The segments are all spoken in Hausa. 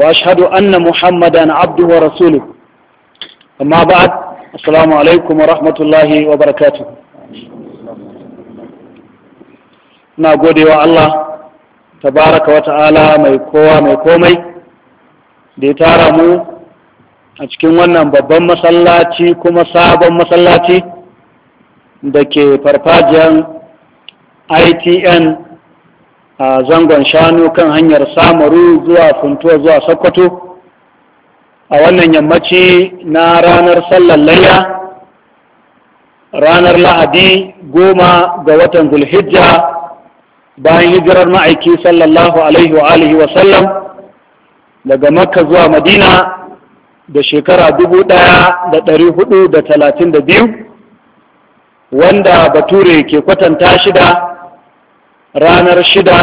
وأشهد أن محمدا عبده ورسوله أما بعد السلام عليكم ورحمة الله وبركاته na gode Allah tabaraka wa ta'ala mai kowa mai komai da ya tara mu a cikin wannan babban masallaci kuma sabon masallaci da ke farfajiyar itn a zangon shanu kan hanyar samaru zuwa funtuwa zuwa sokoto a wannan yammaci na ranar sallar layya ranar lahadi goma ga watan zulhijja bayan hijirar ma'aiki sallallahu alaihi wa alihi sallam daga makka zuwa madina da shekara dubu ɗaya da ɗari hudu da talatin da biyu wanda bature ke kwatanta shida ranar shida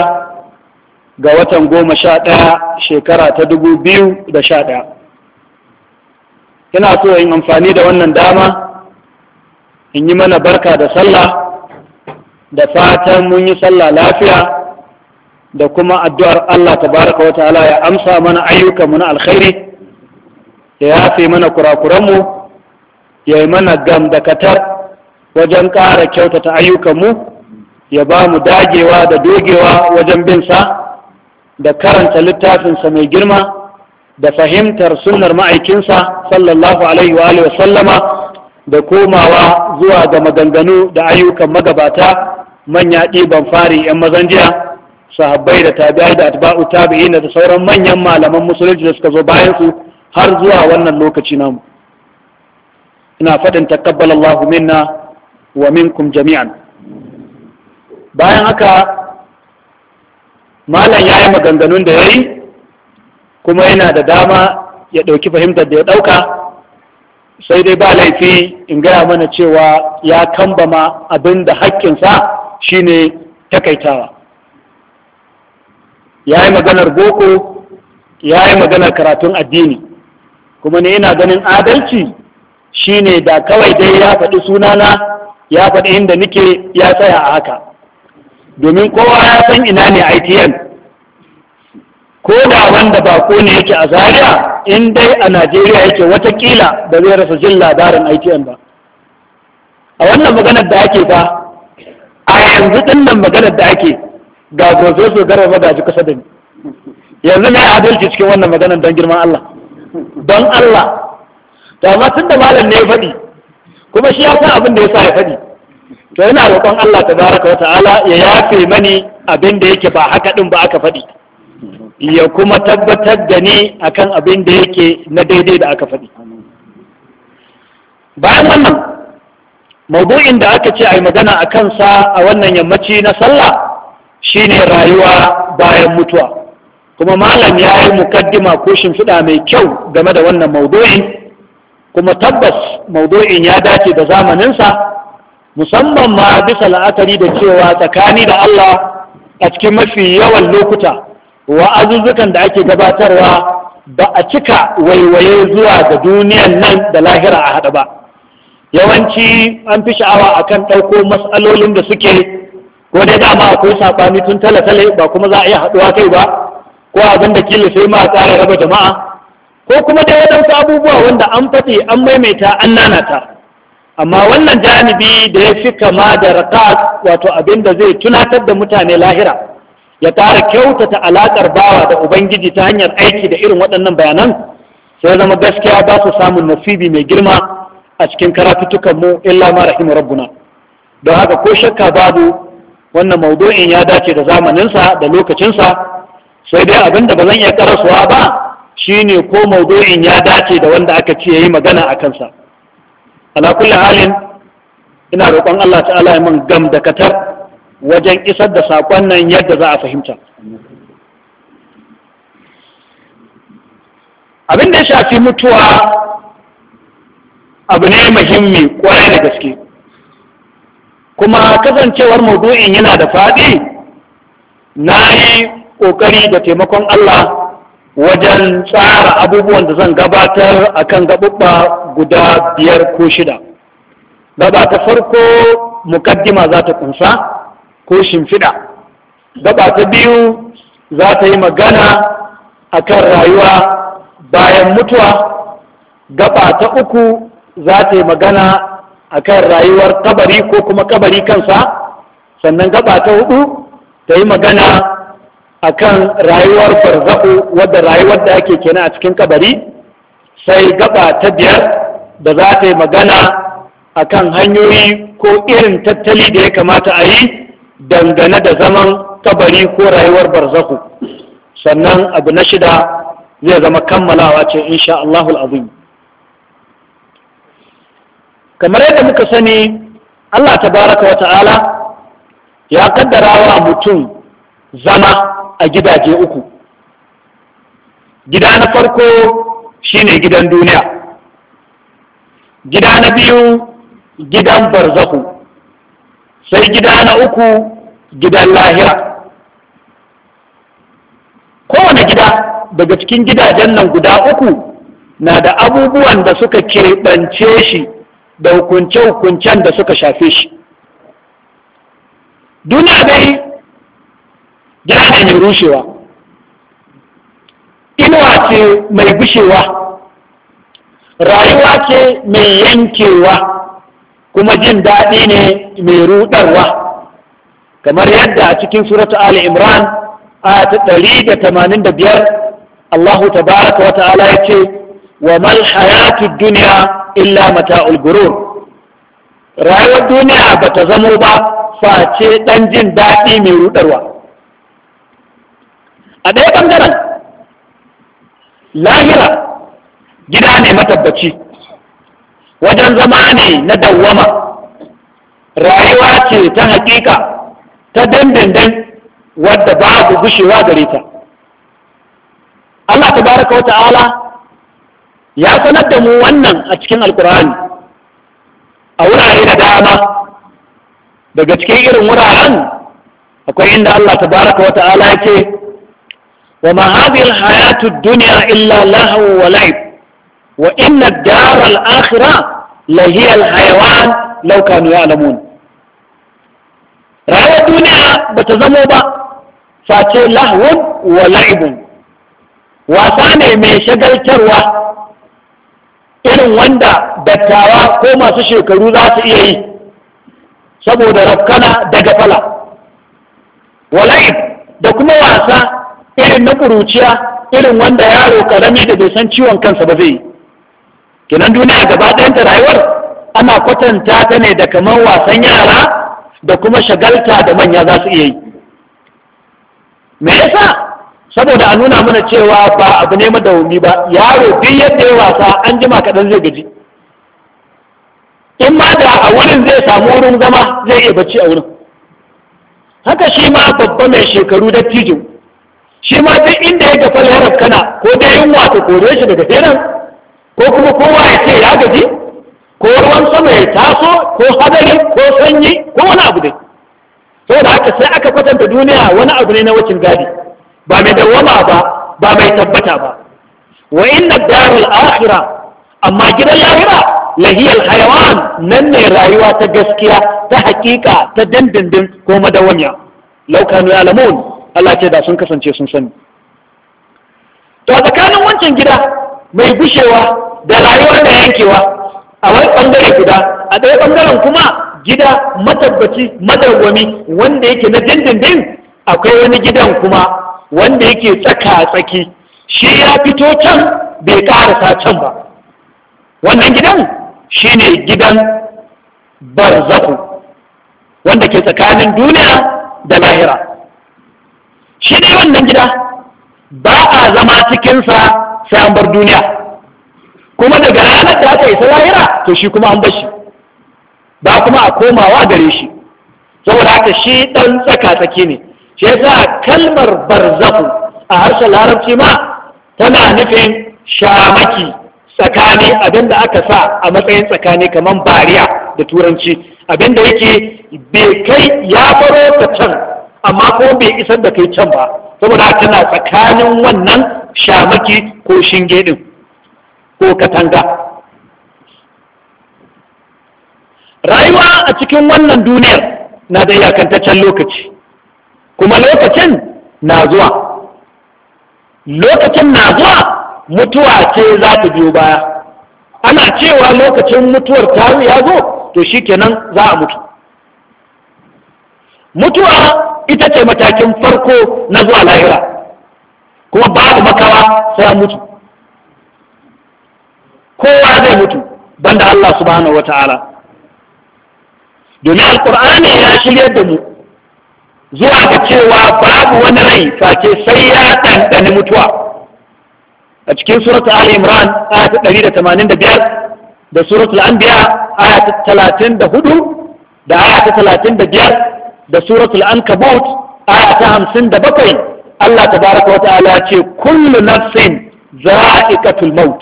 ga watan goma sha ɗaya shekara ta dubu biyu da sha ɗaya ina so in amfani da wannan dama in yi mana barka da sallah da fatan mun yi sallah lafiya da kuma addu'ar Allah ta baraka wata ala ya amsa mana ayyukanmu na alkhairi ya yafe mana kurakuranmu ya yi mana gamdakatar wajen ƙara kyautata ayyukanmu ya ba mu dagewa da dogewa wajen binsa da karanta littafinsa mai girma da fahimtar sunnar ma'aikinsa sallallahu alaihi wa sallama da komawa zuwa ga maganganu da ayyukan magabata manya ɗiban fari 'yan mazan jiya sahabbai da tabi'ai da atba'u tabi'ina da sauran manyan malaman musulunci da suka zo bayan su har zuwa wannan lokaci namu ina faɗin taqabbalallahu minna wa minkum jami'an bayan haka malam ya yi maganganun da ya yi kuma yana da dama ya ɗauki fahimtar da ya ɗauka sai dai ba laifi in gaya mana cewa ya kambama abin da haƙƙinsa shine takaitawa ya yi maganar boko ya yi maganar karatun addini kuma ne yana ganin adalci shine da kawai dai ya faɗi sunana ya faɗi inda nike ya tsaya a haka domin kowa ya san ina ne ITN ko da wanda ba ko ne yake a Zaria in dai a Najeriya yake watakila ba zai rasa jin labarin ITN ba a wannan maganar da ake ba a yanzu dinnan maganar da ake ga gozo su garba da ji kusa da ni yanzu mai adalci cikin wannan maganar don girman Allah don Allah to amma tun da malam ne ya faɗi kuma shi ya san abin da ya sa ya faɗi to yana roƙon Allah tabaraka wa ta'ala ya yafe mani abin da yake ba haka din ba aka faɗi ya kuma tabbatar da ni akan abin da yake na daidai da aka faɗi bayan wannan mabu'in da aka ce a yi magana a kansa a wannan yammaci na sallah shine rayuwa bayan mutuwa kuma malam ya yi mukaddima ko shimfiɗa mai kyau game da wannan maudu'in kuma tabbas maudu'in ya dace da zamaninsa musamman ma bisa la'akari da cewa tsakani da Allah a cikin mafi yawan lokuta wa'azuzzukan da ake gabatarwa ba a cika waiwaye zuwa ga duniyan nan da lahira a haɗa ba yawanci an fi sha'awa a kan ɗauko matsalolin da suke ko dai dama akwai saɓani tun tale-tale ba kuma za a iya haɗuwa kai ba ko abin da kila sai ma a tsara raba jama'a ko kuma dai waɗansu abubuwa wanda an faɗi an maimaita an nanata amma wannan janibi da ya fi kama da rakat wato abin da zai tunatar da mutane lahira ya ƙara kyautata alaƙar bawa da ubangiji ta hanyar aiki da irin waɗannan bayanan sai zama gaskiya ba su samun nasibi mai girma a cikin karatutukan mu illa ma rahimu rabbuna don haka ko shakka babu wannan maudu'in ya dace da zamaninsa da lokacinsa sai dai abin da ba zan iya karasuwa ba shine ko maudu'in ya dace da wanda aka ce yayi magana a kansa ala kulli halin ina roƙon Allah ta'ala ya min gam da katar wajen isar da sakon nan yadda za a fahimta abin da ya shafi mutuwa abu ne muhimmi kwarai da gaske kuma kasancewar maudu'in yana da faɗi na yi ƙoƙari da taimakon Allah wajen tsara abubuwan da zan gabatar a kan gaɓuɓɓa guda biyar ko shida gaba ta farko mukaddima za ta kunsa ko shimfiɗa gaba ta biyu za ta yi magana a kan rayuwa bayan mutuwa gaba ta uku za ta yi magana a kan rayuwar kabari ko kuma kabari kansa sannan gaba ta hudu ta yi magana akan rayuwar barzahu wadda rayuwar da ake kenan a cikin kabari sai gaba ta biyar da za ta yi magana akan hanyoyi ko irin tattali da ya kamata a yi dangane da zaman kabari ko rayuwar barzahu sannan abu na shida zai zama kammalawa ce insha Allahul kamar yadda muka sani Allah baraka wa ta'ala ya kaddara wa mutum zama a gidaje uku gida na farko shine gidan duniya gida na biyu gidan barzaku sai gida na uku gidan lahira kowane gida daga cikin gidajen nan guda uku na da abubuwan da suka keɓance shi da hukunce-hukuncen da suka shafe shi duniya dai jasa mai rushewa inuwa ce mai bushewa. rayuwa ce mai yankewa kuma jin daɗi ne mai ruɗarwa kamar yadda a cikin suratu ali imran a ta ɗari da tamanin da biyar allahu tabaraka wa ta'ala ya ce wa mal hayatu duniya illa mata gurur rayuwar duniya ba ta zamo ba face ɗan jin daɗi mai ruɗarwa a ɗaya ɓangaren lahira gida ne matabbaci wajen zama ne na dawwama rayuwa ce ta hakika ta dandandan wadda ba babu gushewa gare ta Allah tabaraka wa ta'ala ya sanar da mu wannan a cikin alkur'ani a wurare da dama daga cikin irin wuraren akwai inda Allah tabaraka wa ta'ala ya ce wa ma hadhihi duniya illa lahu wa la'ib wa inna ad-dar al hayawan law kanu ya'lamun rayuwar duniya bata zamo ba face lahwun wa wasa ne mai shagaltarwa irin wanda dattawa ko masu shekaru za su iya yi saboda rafkana daga fala. wala'ib da kuma wasa irin na ƙuruciya irin wanda yaro karami da bai san ciwon kansa ba zai yi kenan duniya gaba ɗayanta rayuwar ana kwatanta ta ne da kamar wasan yara da kuma shagalta da manya za su iya yi me yasa saboda a nuna mana cewa ba abu ne madawumi ba yaro duk yadda ya wasa an jima kaɗan zai gaji in ma da a wurin zai samu wurin zama zai iya bacci a wurin haka shi ma babba mai shekaru dattijo shi ma duk inda ya gafa larar kana ko da yunwa ta kore shi daga teran ko kuma kowa ya ce ya gaji ko ruwan sama ya taso ko hadari ko sanyi ko wani abu dai saboda haka sai aka kwatanta duniya wani abu ne na wucin gadi ba mai dawama ba ba mai tabbata ba wa inna darul akhirah amma gidan lahira lahiyal hayawan nan ne rayuwa ta gaskiya ta hakika ta dindindin ko madawamiya law kanu ya'lamun Allah ce da sun kasance sun sani to a tsakanin wancan gida mai bushewa da rayuwar da yankewa a wani bangare guda a ɗaya bangaren kuma gida matabbaci madawwami wanda yake na dindindin akwai wani gidan kuma wanda yake tsaka tsaki shi ya fito can bai karasa can ba wannan gidan shine gidan barzaku wanda ke tsakanin duniya da lahira shi ne wannan gida ba a zama cikinsa sai an bar duniya kuma daga ranar da aka isa lahira to shi kuma an bar shi ba kuma a komawa gare shi saboda haka shi ɗan tsaka-tsaki ne shi yasa kalmar barzahu a harshen larabci ma tana nufin shamaki tsakani abinda aka sa a matsayin tsakani kamar bariya da turanci abinda yake bai kai ya faro ta can amma ko bai isar da kai can ba saboda tana tsakanin wannan shamaki ko shinge ɗin ko katanga rayuwa a cikin wannan duniyar na da iyakantaccen lokaci kuma lokacin na zuwa lokacin na zuwa mutuwa ce za ta biyo baya ana cewa lokacin mutuwar taru ya zo to shi kenan za a mutu mutuwa ita ce matakin farko na zuwa lahira kuma babu makawa sai an mutu kowa zai mutu banda Allah subhanahu wata'ala domin alkur'ani ya shirya da mu zuwa ga cewa babu wani rai face sai ya ɗanɗani mutuwa a cikin suratul ali imran aya 185 da suratul anbiya aya 34 da aya 35 da suratul ankabut aya ta hamsin da bakwai Allah ta baraka wata ala ce kullu nafsin za'iqatul maut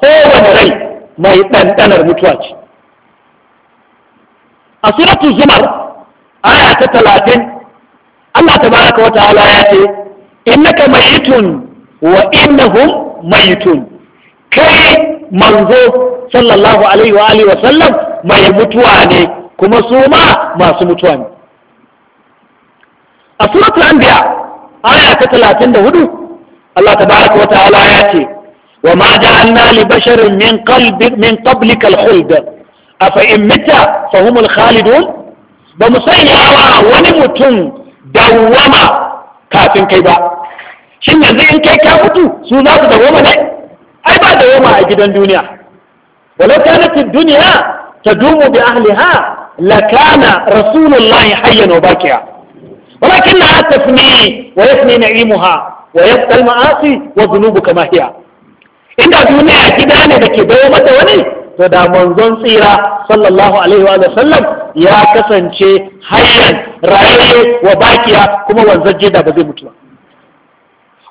kowane rai mai ɗanɗanar mutuwa ce a suratul zumar aya ta talatin Allah ta baraka wata ala ya ce innaka mayitun wa innahum mayitun kai manzo sallallahu alaihi wa alihi wa sallam mai mutuwa ne kuma su ma masu mutuwa ne a suratul anbiya aya ta 34 Allah tabaraka wa ta'ala ya ce wa ma ja'alna li basharin min qalbi min qablika al-khuld afa in mita fa khalidun ba mu sanya wa wani mutum dawwama kafin kai ba shin yanzu in kai ka mutu su za su dawoma ne ai ba wama a gidan duniya Wala kanat duniya tadumu bi ahliha lakana rasulullahi hayyan wa baqiya walakin na ata fune wa ya na yi mu ha wa ya fitar wa zunu bu kama hiya duniya gida ne da ke bayo mata wani to da manzon tsira sallallahu alaihi wa sallam ya kasance hanyar raye wa bakiya kuma wanzan je da ba zai mutu ba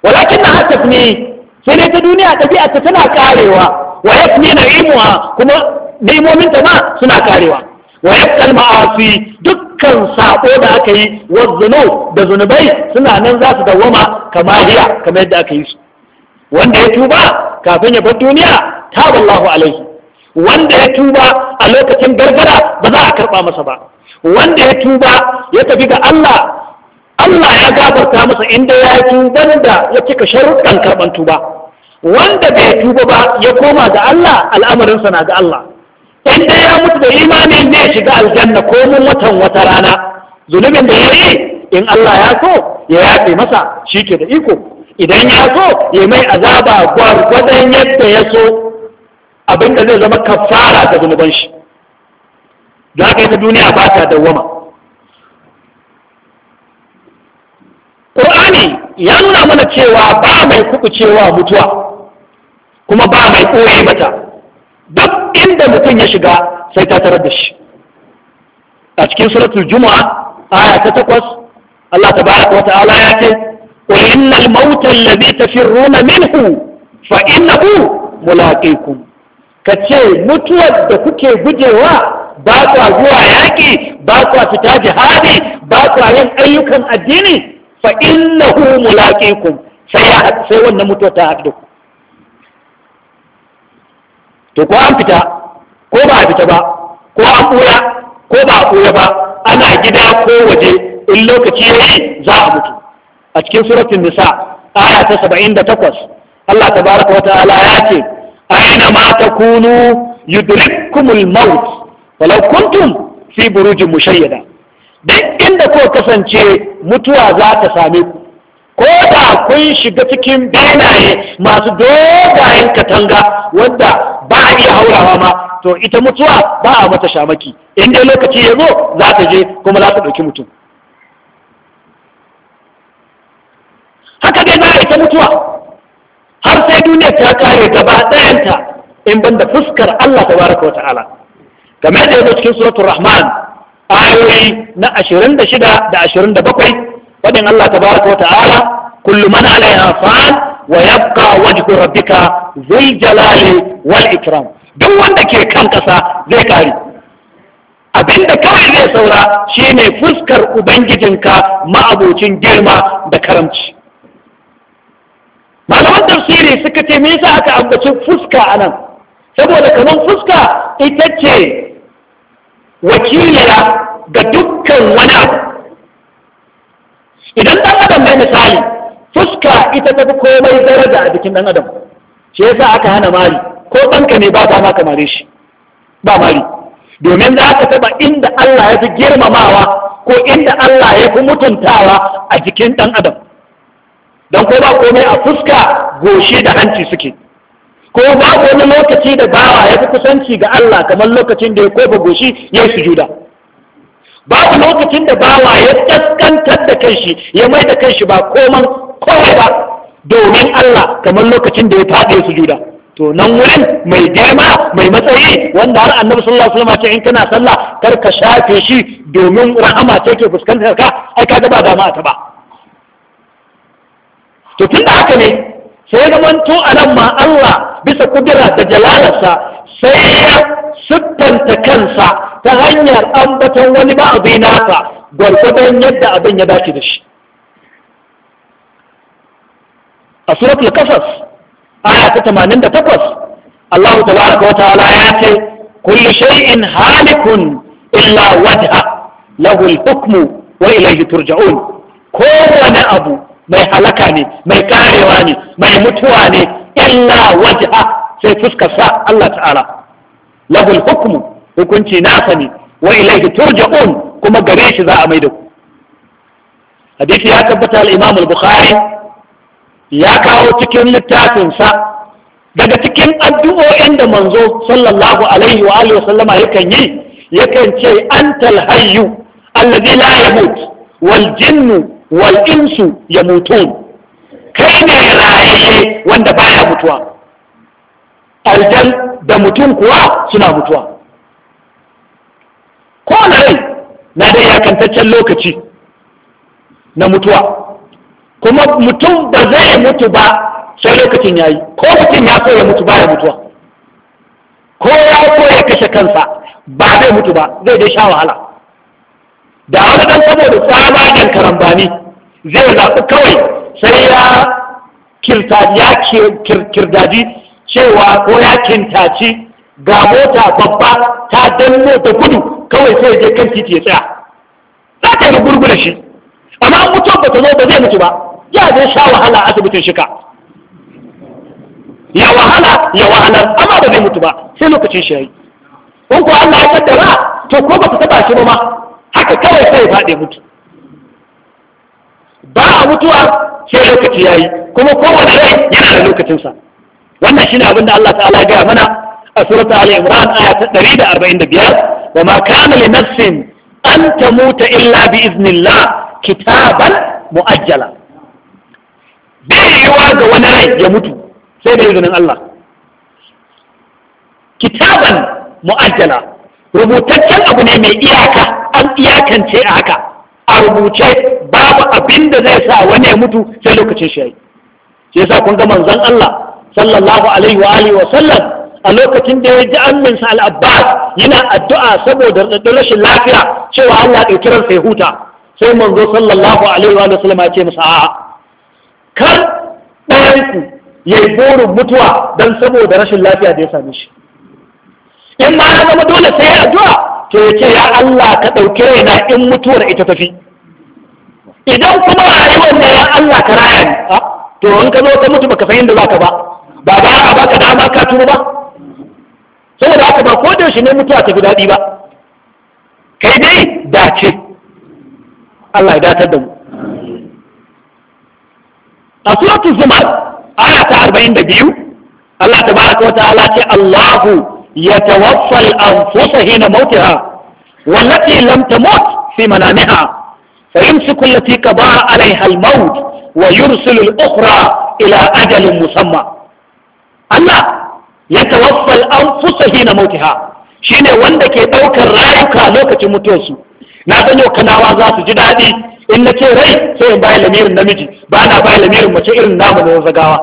walakin na ata fune sai ta duniya ta tana karewa wa ya na yi kuma. Nemomin ta ma suna karewa. wa yakal ma'asi dukkan sako da aka yi wa zunub da zunubai suna nan za su dawwama kamar hiya kamar yadda aka yi su wanda ya tuba kafin ya bar duniya ta wallahu alaihi wanda ya tuba a lokacin gargara ba za a karba masa ba wanda ya tuba ya tafi ga Allah Allah ya gafarta masa inda ya yi tuban da ya cika sharuɗan karɓan tuba wanda bai tuba ba ya koma ga Allah al'amarinsa na ga Allah in dai ya mutu da imani ne shiga aljanna ko mun watan wata rana zunubin da ya yi in Allah ya so ya yafe masa shi ke da iko idan ya so ya mai azaba gwargwadon yadda ya so abin da zai zama kafara ga zunuban shi da yi ta duniya ba ta wama ƙur'ani ya nuna mana cewa ba mai kuɓucewa mutuwa kuma ba mai ɓoye mata duk inda mutum ya shiga sai ta tarar da shi a cikin suratul juma'a aya ta takwas Allah ta baraka, wa ta'ala ya ce qul innal mauta alladhi tafirruna minhu fa innahu mulaqikum kace mutuwar da kuke gujewa ba kwa zuwa yaƙi ba kwa fita jihadi ba kwa yin ayyukan addini fa innahu mulaqikum sai sai wannan mutuwa ta haɗu to ko an fita ko ba a fita ba ko an ɓura ko ba a ɓura ba ana gida ko waje in lokaci ya yi za a mutu a cikin suratun nisa aya ta saba'in da takwas Allah tabaraka wa ta'ala ya ce aina ma kunu yudrikumul maut walau kuntum fi burujin mushayyada duk inda ko kasance mutuwa za ta same ku ko da kun shiga cikin benaye masu dogayen katanga wanda ba a iya haurawa ma to ita mutuwa ba a mata shamaki in dai lokaci ya zo za ta je kuma za ta ɗauki mutum haka dai za a ita mutuwa har sai duniya ta kare gaba ɗayanta in ban da fuskar Allah baraka wa ta'ala game da yanzu cikin suratul rahman ayoyi na ashirin da shida da ashirin da bakwai faɗin Allah baraka wa ta'ala kullu man alaiha fa'al wa yabqa wajhu rabbika zul jalali wal ikram duk wanda ke kan kasa zai kare abinda kawai zai saura shine fuskar ubangijinka ma'abocin girma da karamci malaman tafsiri suka ce me yasa aka ambaci fuska anan saboda kamar fuska ita ce wakiliya ga dukkan wani abu idan ɗan adam mai misali fuska ita tafi komai daraja a jikin dan adam shi yasa aka hana mari ko ɗanka ne ba dama ka mare shi ba mari domin za ka taba inda Allah ya fi girmamawa ko inda Allah ya fi mutuntawa a jikin ɗan adam don ko ba komai a fuska goshi da hanci suke ko ba wani lokaci da bawa ya fi kusanci ga Allah kamar lokacin da ya kofa goshi ya su juda babu lokacin da bawa ya kaskantar da kanshi ya mai da kanshi ba koman kowai ba domin Allah kamar lokacin da ya faɗi su juda to nan wurin mai girma mai matsayi wanda har annabi sallallahu alaihi wasallam ce in kana sallah kar ka shafe shi domin rahama ce ke fuskantar ka ai ka ba dama ta ba to tun da haka ne sai ga manto a nan ma Allah bisa kudura da jalalarsa sai ya siffanta kansa ta hanyar ambaton wani ba abin naka gwargwadon yadda abin ya dace da shi a suratul kasas aya ta takwas Allah tabaraka wa ta'ala ya ce kullu shay'in halikun illa wajha lahu al-hukmu wa ilayhi turja'un kowane abu mai halaka ne mai karewa ne mai mutuwa ne illa wajha sai fuskar sa Allah ta'ala lahu al-hukmu hukunci nasa ne wa ilayhi turja'un kuma gare shi za a da ku hadisi ya tabbata al-Imam al-Bukhari ya kawo cikin littafinsa daga cikin addu'o'in da manzo sallallahu alaihi wa alihi sallama yakan yi yakan ce antal hayyu allazi la yamut wal jinnu wal insu yamutun kai ne raye wanda baya mutuwa aljan da mutum kuwa suna mutuwa ko rai na da yakantaccen lokaci na mutuwa kuma mutum ba zai mutu ba sai lokacin ya yi ko mutum ya so ya mutu ba ya mutuwa ko ya so ya kashe kansa ba zai mutu ba zai dai sha wahala da wani dan saboda tsabagen karambani zai zaɓi kawai sai ya kirdaji cewa ko ya kintaci ga mota babba ta danno da gudu kawai sai je kan titi ya tsaya za ta yi gurgura shi amma mutum ba ta zo ba zai mutu ba ya zai sha wahala asibitin shika ya wahala ya wahalar amma ba zai mutu ba sai lokacin shi yi. in ko Allah ya kaddara to ko ba ka taba shi ba ma haka kawai sai ya fade mutu ba a mutuwa sai lokaci yayi kuma kowane rai yana da lokacinsa wannan shine abin da Allah ta'ala ya gaya mana a surata al-imran aya ta 145 wa ma kana li nafsin an tamuta illa bi iznillah kitaban mu'ajjala bai ga wani rai ya mutu sai da izinin Allah kitaban mu'ajjala rubutaccen abu ne mai iyaka an iyakance a haka a rubuce babu abin da zai sa wani ya mutu sai lokacin shi sai yasa kun ga manzon Allah sallallahu alaihi wa alihi wa sallam a lokacin da ya ji amminsa al'abba yana addu'a saboda raɗaɗɗen rashin lafiya cewa Allah ɗauki ransa ya huta sai manzo sallallahu alaihi wa sallam ya ce masa a'a kar ɗayanku ya yi burin mutuwa don saboda rashin lafiya da ya same shi in ma ya zama dole sai ya zuwa? to ya ce ya Allah ka ɗauke raina in mutuwar ita tafi idan kuma rayuwar ne ya Allah ka raya ni ah, to in ka zo ka mutu baka san za ka ba ba ba a baka dama ka tuno ba saboda haka ba ko da shi ne mutuwa tafi daɗi ba kai dai dace Allah ya datar da mu a suratul zumar aya ta arba'in da biyu Allah tabaraka wa ta'ala ce Allahu yatawaffa al-anfusa hina mautiha wallati lam tamut fi manamiha فيمسك التي قضى wa الموت ويرسل ukhra ila أجل musamma. Allah ya tawaffal an fusa hina mautiha shine wanda ke ɗaukar rayuka lokacin mutuwarsu na san yau kanawa za su ji daɗi in na ce rai sai in bayi lamirin namiji ba na bayi lamirin mace irin namu na zagawa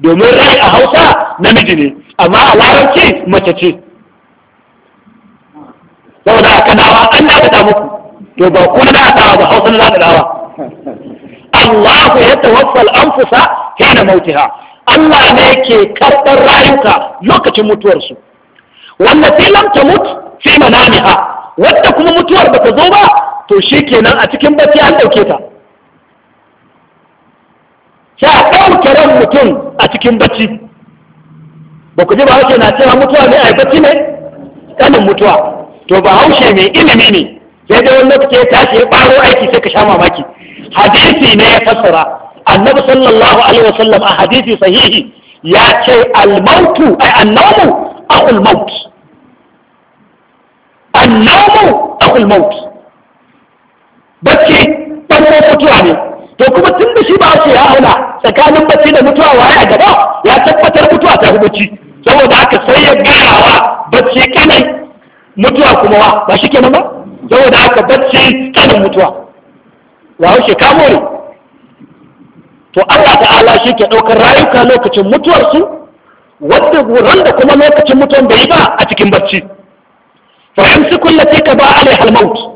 domin rai a hausa namiji ne amma a larabci mace ce saboda a kanawa an na faɗa muku to ba ku na dawa ba hausa na dawa Allah ya tawaffal anfusa hina mautiha Allah ne ke karɓar rayuka lokacin mutuwarsu wannan sai lam tamut fi manamiha wadda kuma mutuwar bata zo ba to shi kenan a cikin bacci an ɗauke ta sai a ɗauke ran mutum a cikin bacci ba ku ji ba haushe na cewa mutuwa ne a yi bacci ne ƙanin mutuwa to ba haushe mai ilimi ne sai dai wani lokaci ya tashi ya ɓaro aiki sai ka sha mamaki hadisi ne ya fassara annabi sallallahu alaihi wasallam a hadisi sahihi ya ce almautu ai annamu ahul maut annamu maut bacci ɓangaren mutuwa ne to kuma tun da shi ba ce ya auna tsakanin bacci da mutuwa wa ya gaba ya tabbatar mutuwa ta fi bacci saboda aka sai ya garawa bacci kanai mutuwa kuma wa ba shi kenan ba saboda aka bacci kanin mutuwa wa haushe kamo ne to Allah ta'ala shi ke ɗaukar rayuka lokacin mutuwarsu wadda wurin da kuma lokacin mutuwan bai ba a cikin bacci fa yamsiku allati ka ba alaiha al-maut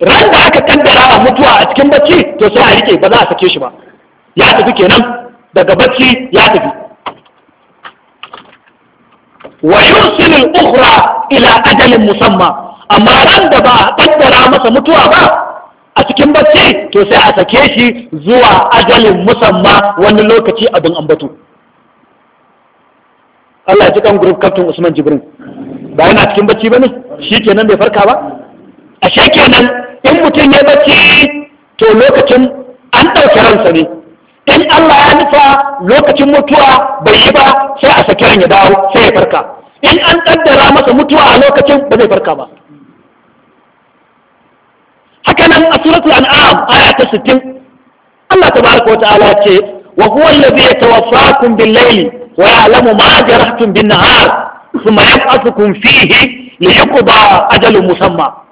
ran da aka kaddara a mutuwa a cikin bacci to sai a rike ba za a sake shi ba ya tafi kenan daga bacci ya tafi wa yursilul ukhra ila ajalin musamma amma ran da ba a kaddara masa mutuwa ba a cikin bacci to sai a sake shi zuwa ajalin musamma wani lokaci abin ambato Allah ya ji kan group captain Usman Jibrin ba yana cikin bacci bane shikenan bai farka ba ashe kenan in mutum ya bacci to lokacin an ɗauki ransa ne in Allah ya nufa lokacin mutuwa bai yi ba sai a saki ya dawo sai ya farka in an ƙaddara masa mutuwa a lokacin ba zai farka ba haka nan a suratul an'am aya ta 60 Allah tabaraka wata'ala ce wa huwa allazi yatawaffakum bil layli wa ya'lamu ma jarahtum bin nahar thumma yab'athukum fihi liyuqda ajalun musamma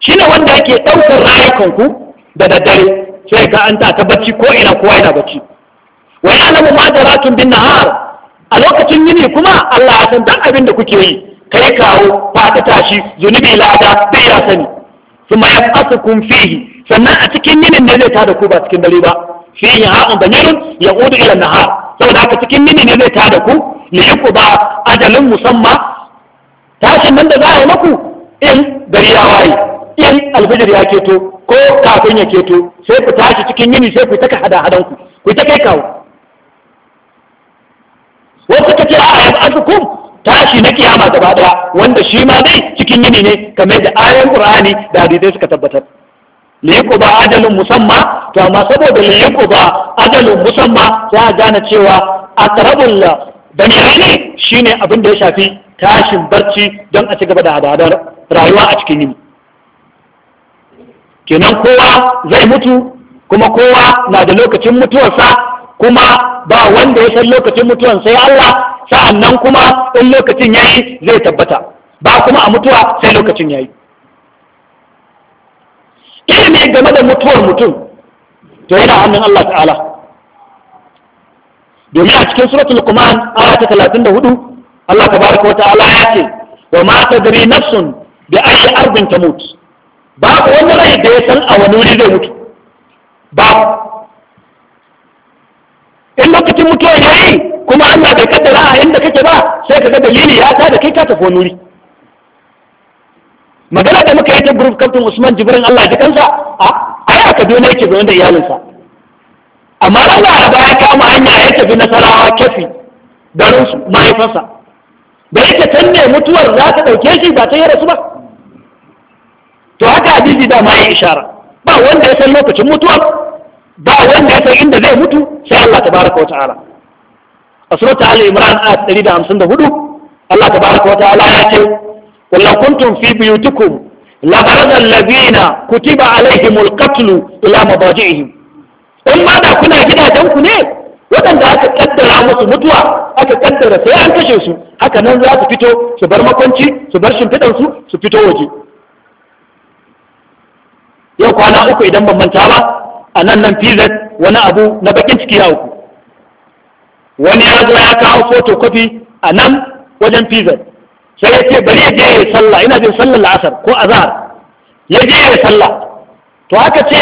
shi ne wanda yake ɗaukar rayukanku da daddare sai ka an ta bacci ko ina kowa yana bacci wai alamu madaratun bin nahar a lokacin yini kuma Allah ya san dan abin da kuke yi kai kawo fata tashi zunubi lada bai ya sani kuma kun fihi sannan a cikin yinin ne zai tada ku ba cikin dare ba fihi ha'un banyarun yaudu ila nahar saboda haka cikin yinin ne zai tada ku ne ku ba ajalin musamman tashin nan da za a yi maku in gari ya waye in alfijir ya keto ko kafin ya keto sai ku tashi cikin yini sai ku taka hada hadan ku ku ta kai kawo wasu ka a azukum tashi na kiyama gaba daya wanda shi ma dai cikin yini ne kamar da ayan qur'ani da hadisai suka tabbatar liku ba ajalin musamma to amma saboda liku ba ajalin musamma za a gane cewa aqrabul shi shine abin da ya shafi tashin barci don a ci gaba da hadadar rayuwa a cikin yini kenan kowa zai mutu kuma kowa na da lokacin mutuwarsa kuma ba wanda ya san lokacin mutuwar sai Allah sa'an nan kuma in lokacin yayi zai tabbata ba kuma a mutuwa sai lokacin yayi ilimi game da mutuwar mutum to yana hannun Allah ta'ala domin a cikin suratul luqman aya ta 34 Allah tabaraka wa ta'ala ya ce wa ma tadri nafsun bi ayi ardin tamut babu wani rai da ya san a wani wuri zai mutu babu in lokacin mutuwa ya yi kuma an bai kaddara a inda kake ba sai ka ga dalili ya ta da kai ka tafi wani wuri magana da muka yi ta group captain Usman Jibrin Allah ji kansa a ai aka biyo yake zo da iyalinsa amma Allah ba ya kama hanya ya tafi nasarawa kafi garin mahaifarsa da yake can ne mutuwar za ta ɗauke shi ba ta yi rasu ba to haka hadisi da ma ya ishara ba wanda ya san lokacin mutuwa ba wanda ya san inda zai mutu sai Allah tabaraka wa ta'ala a surata Ali imran ayat 154 Allah tabaraka wa ta'ala ya ce wallan kuntum fi buyutikum labaraza alladhina kutiba alaihim alqatl ila mabajihim in ma da kuna gidajen ku ne waɗanda aka kaddara musu mutuwa aka kaddara sai an kashe su haka nan za su fito su bar makwanci su bar shimfiɗansu su fito waje yau kwana uku idan ban manta ba a nan nan pz wani abu na bakin ciki ya uku wani ya zo ya kawo photocopy a nan wajen pz sai ya ce bari ya je ya sallah ina jin sallar la'asar ko azhar ya je ya sallah to haka ce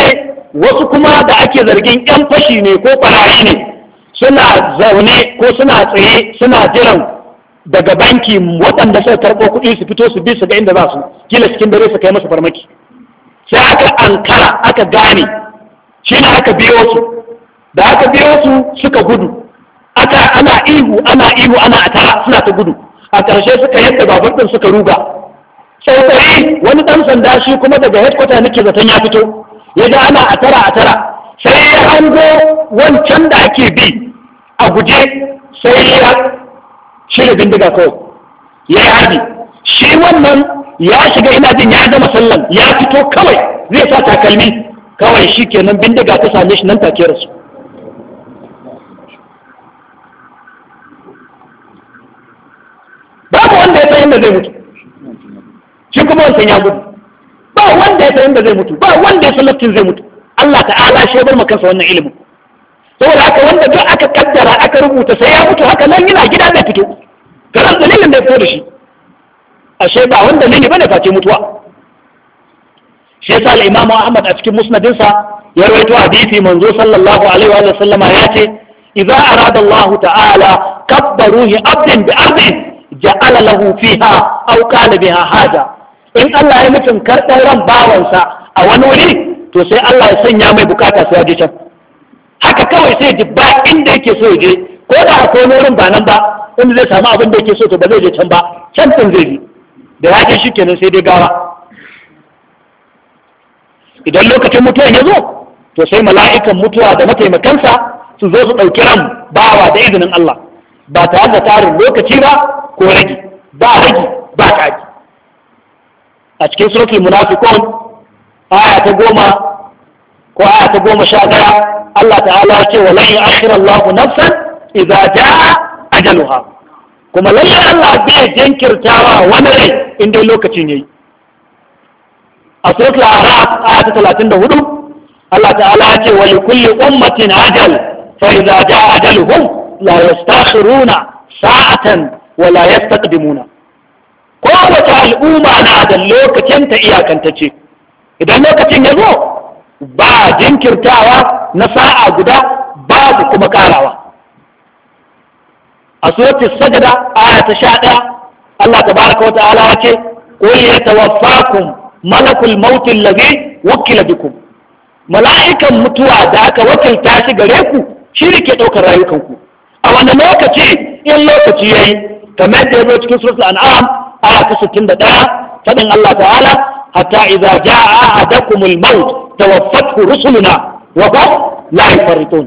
wasu kuma da ake zargin yan fashi ne ko barayi ne suna zaune ko suna tsaye suna jiran daga banki waɗanda suka karɓo kuɗi su fito su bi su ga inda za su kila cikin dare su kai masa farmaki sai aka ankara aka gane shi ne aka biyo su da aka biyo su suka gudu aka ana ihu ana ihu ana suna ta gudu a ƙarshe suka yadda babur ɗin suka ruga tsautsayi wani ɗan sanda shi kuma daga headquarter ke zaton ya fito ya ga ana a tara sai ya hango wancan da ake bi a guje sai ya shirya bindiga kawai ya yi shi wannan ya shiga ina jin ya gama sallan ya fito kawai zai sa takalmi kawai shi kenan bindiga ta same shi nan take rasu babu wanda ya san inda zai mutu shi kuma wancan ya gudu ba wanda ya san inda zai mutu ba wanda ya san laftin zai mutu Allah ta'ala shi ya bar makansa wannan ilimin saboda haka wanda duk aka kaddara aka rubuta sai ya mutu haka nan yana gida zai fito karan dalilin da ya fito da shi ashe ba wanda ne bane face mutuwa shi yasa al-imamu ahmad a cikin musnadinsa ya rawaito hadisi manzo sallallahu alaihi wa sallama ya ce idza arada allah ta'ala kabba ruhi abdin bi ardin ja'ala lahu fiha aw qala biha haja in Allah ya mutum kar ran bawansa a wani wuri to sai Allah ya sanya mai bukata sai waje can haka kawai sai ji ba inda yake so je ko da akwai wurin ba nan ba inda zai samu abin da yake so to ba zai je can ba can tun zai bi da ya shi kenan sai dai gara idan lokacin mutuwa ya zo to sai mala'ikan mutuwa da mataimakansa su zo su ɗauki ran bawa da izinin Allah ba tare da tarin lokaci ba ko rage ba rage ba ƙaji a cikin suratul munafiqun aya ta goma ko aya ta goma sha daya Allah ta'ala ya ce wa lan yu'akhkhira Allahu nafsan idza jaa ajaluha kuma lallai Allah zai jinkirtawa wani rai in dai lokacin yayi a suratul araf aya ta 34 Allah ta'ala ya ce wa li kulli ummatin ajal fa idza jaa ajaluhum la yastakhiruna sa'atan wa la yastaqdimuna kowace al'umma na da lokacin ta iyakantacce idan lokacin ya zo ba jinkirtawa na sa'a guda babu kuma karawa a suratul sajada aya ta 11 Allah tabaraka wa ta'ala ya ce qul yatawaffakum malakul maut allazi wukila bikum mala'ikan mutuwa da aka wakilta shi gare ku shi ke daukar rayukanku a wani lokaci in lokaci yayi kamar da yazo cikin suratul an'am aya ta 61 fadin Allah ta'ala hatta idza jaa ahadakumul maut tawaffathu rusuluna wa hum la yafarritun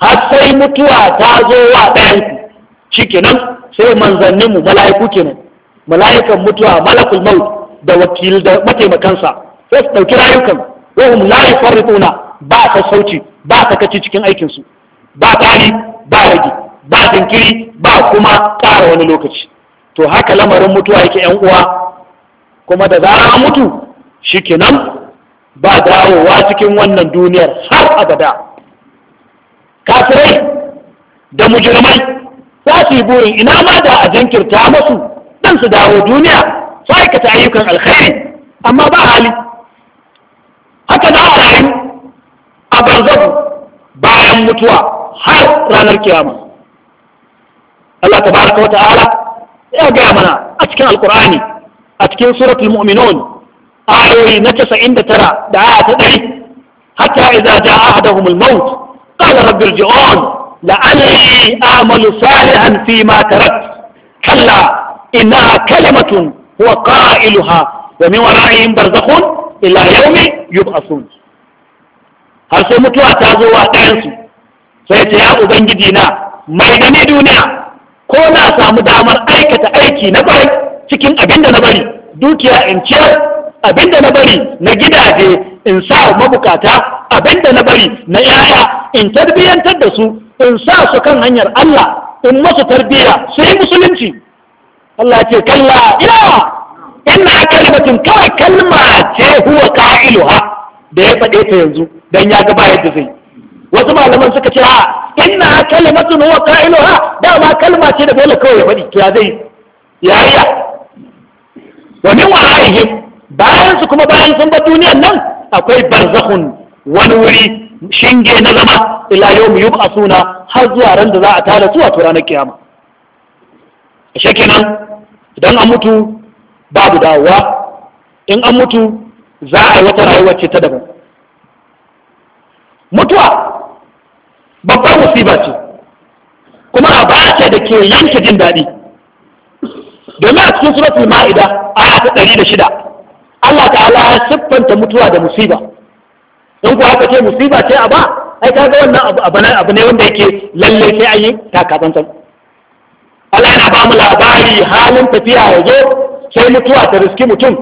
har sai mutuwa ta zo wa ɗayan shikenan sai manzannin mu mala'iku kenan mala'ikan mutuwa malakul maut da wakil da mataimakansa sai su dauki rayukan ko la yufarrituna ba ta sauci ba ta kaci cikin aikin su ba tari ba rage ba jinkiri ba kuma tsara wani lokaci to haka lamarin mutuwa yake yan uwa kuma da zara mutu shikenan ba dawowa cikin wannan duniyar har abada kafirai da mujrimai za su yi burin ina ma da a jinkirta musu dan su dawo duniya su aikata ayyukan alkhairi amma ba hali haka za a rayu a bayan mutuwa har ranar kiyama Allah baraka wa ta'ala ya gaya mana a cikin alkur'ani a cikin suratul mu'minun ayoyi na casa'in da aya ta 100 hatta idza ja'a ahaduhumul maut qala rabbi irji'un la'alli amalu salihan fi ma kalla ina innaha kalimatun huwa qailuha wa min wara'ihim barzakhun ila yawmi har sai mutuwa ta zo wa ɗayansu. sai ta ya ubangiji na mai gani duniya ko na samu damar aikata aiki na bari cikin abinda na bari dukiya in ciyar abinda na bari na gidaje in sa mabukata abinda na bari na yaya in tarbiyyantar da su in sa su kan hanyar Allah in masu tarbiyya su yi musulunci Allah ce kalla ina ina kalmatin kawai kalma ce huwa ka'iluha da ya faɗe ta yanzu dan ya ga yadda zai wasu malaman suka ce ha ah, ina kalmatin huwa ka'iluha dama kalma ce da dole kawai ya faɗi ya zai yaya wa min bayan su kuma bayan sun ba duniyar nan akwai barzakhun wani wuri shinge na zama ila yau yi a suna har zuwa ran da za a tara su wato ranar kiyama ashe kenan idan an mutu babu dawowa in an mutu za a yi wata rayuwar ce ta daban mutuwa babbar musiba ce kuma a ba ce da ke yanke jin daɗi domin a cikin suratul ma'ida a ta ɗari da shida Allah ta'ala ya siffanta mutuwa da musiba in ku haka ce musiba ce a ba ai kaga wannan abu abu ne wanda yake lalle sai ayi ta takatsantsan Allah yana ba mu labari halin tafiya ya zo sai mutuwa ta riski mutum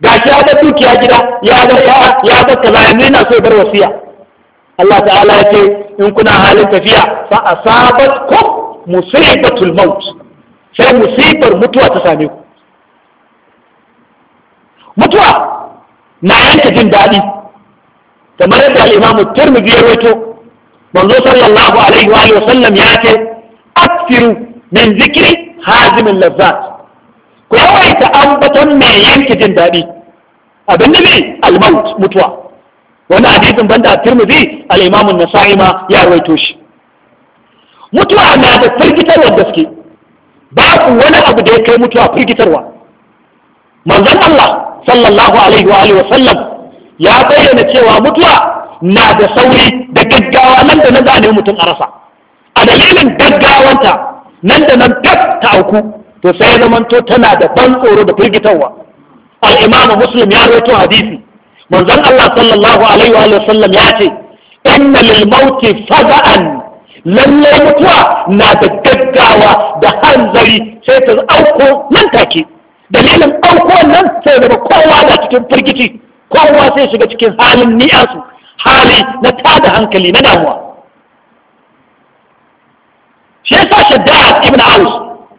gashi ya ga dukiya gida ya ga ya ya ga kaza ni na so bar wasiya Allah ta'ala ya ce in kuna halin tafiya fa asabatkum musibatul maut sai musibar mutuwa ta same ku mutuwa na yanke jin daɗi kamar yadda al-imam ya rawaito manzo sallallahu alaihi wa alihi ya ce akthiru min zikri hazimin lazzat ku yawaita ambaton mai yanke jin daɗi abin da ne al-maut mutuwa wani hadisin banda tirmidhi al-imam an-nasa'i ma ya rawaito shi mutuwa na da firgitarwa gaske Ba babu wani abu da ya kai mutuwa firgitarwa manzon Allah sallallahu alaihi wa alihi ya bayyana cewa mutuwa na da sauri da gaggawa nan da nan za a nemi mutum a rasa a dalilin gaggawanta nan da nan dab ta auku to sai ya zamanto tana da ban tsoro da firgitarwa al-imam muslim ya rawaito hadisi manzon Allah sallallahu alaihi wa sallam ya ce inna lil mauti faza'an lalle mutuwa na da gaggawa da hanzari sai ta auko nan take dalilin auko nan sai zama kowa da cikin firgiti. kowa sai shiga cikin halin ni'asu hali na tada hankali na damuwa shi yasa shaddad ibn aus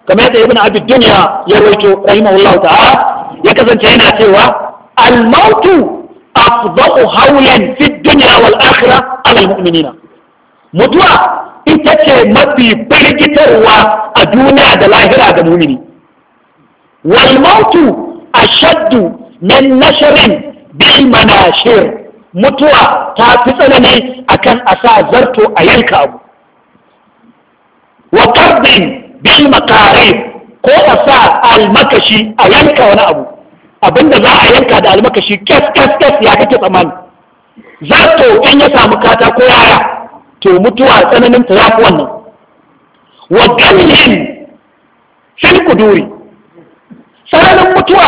kamar yadda ibn abi dunya ya rawaito rahimahullahu ta'ala ya kasance yana cewa al-mautu afdau hawlan fi dunya wal akhirah ala al-mu'minina mutuwa ita ce mafi firgitarwa a duniya da lahira ga mumini wal mautu ashaddu min nashrin bil manashir mutuwa ta fi tsanani akan a sa zarto a yanka abu wa karbin bil ko a sa almakashi a yanka wani abu abinda za a yanka da almakashi kes kes kes ya kake tsammani zato in ya samu kata ko yaya to mutuwa tsananin ta fi wannan wa dalilin fil kuduri tsananin mutuwa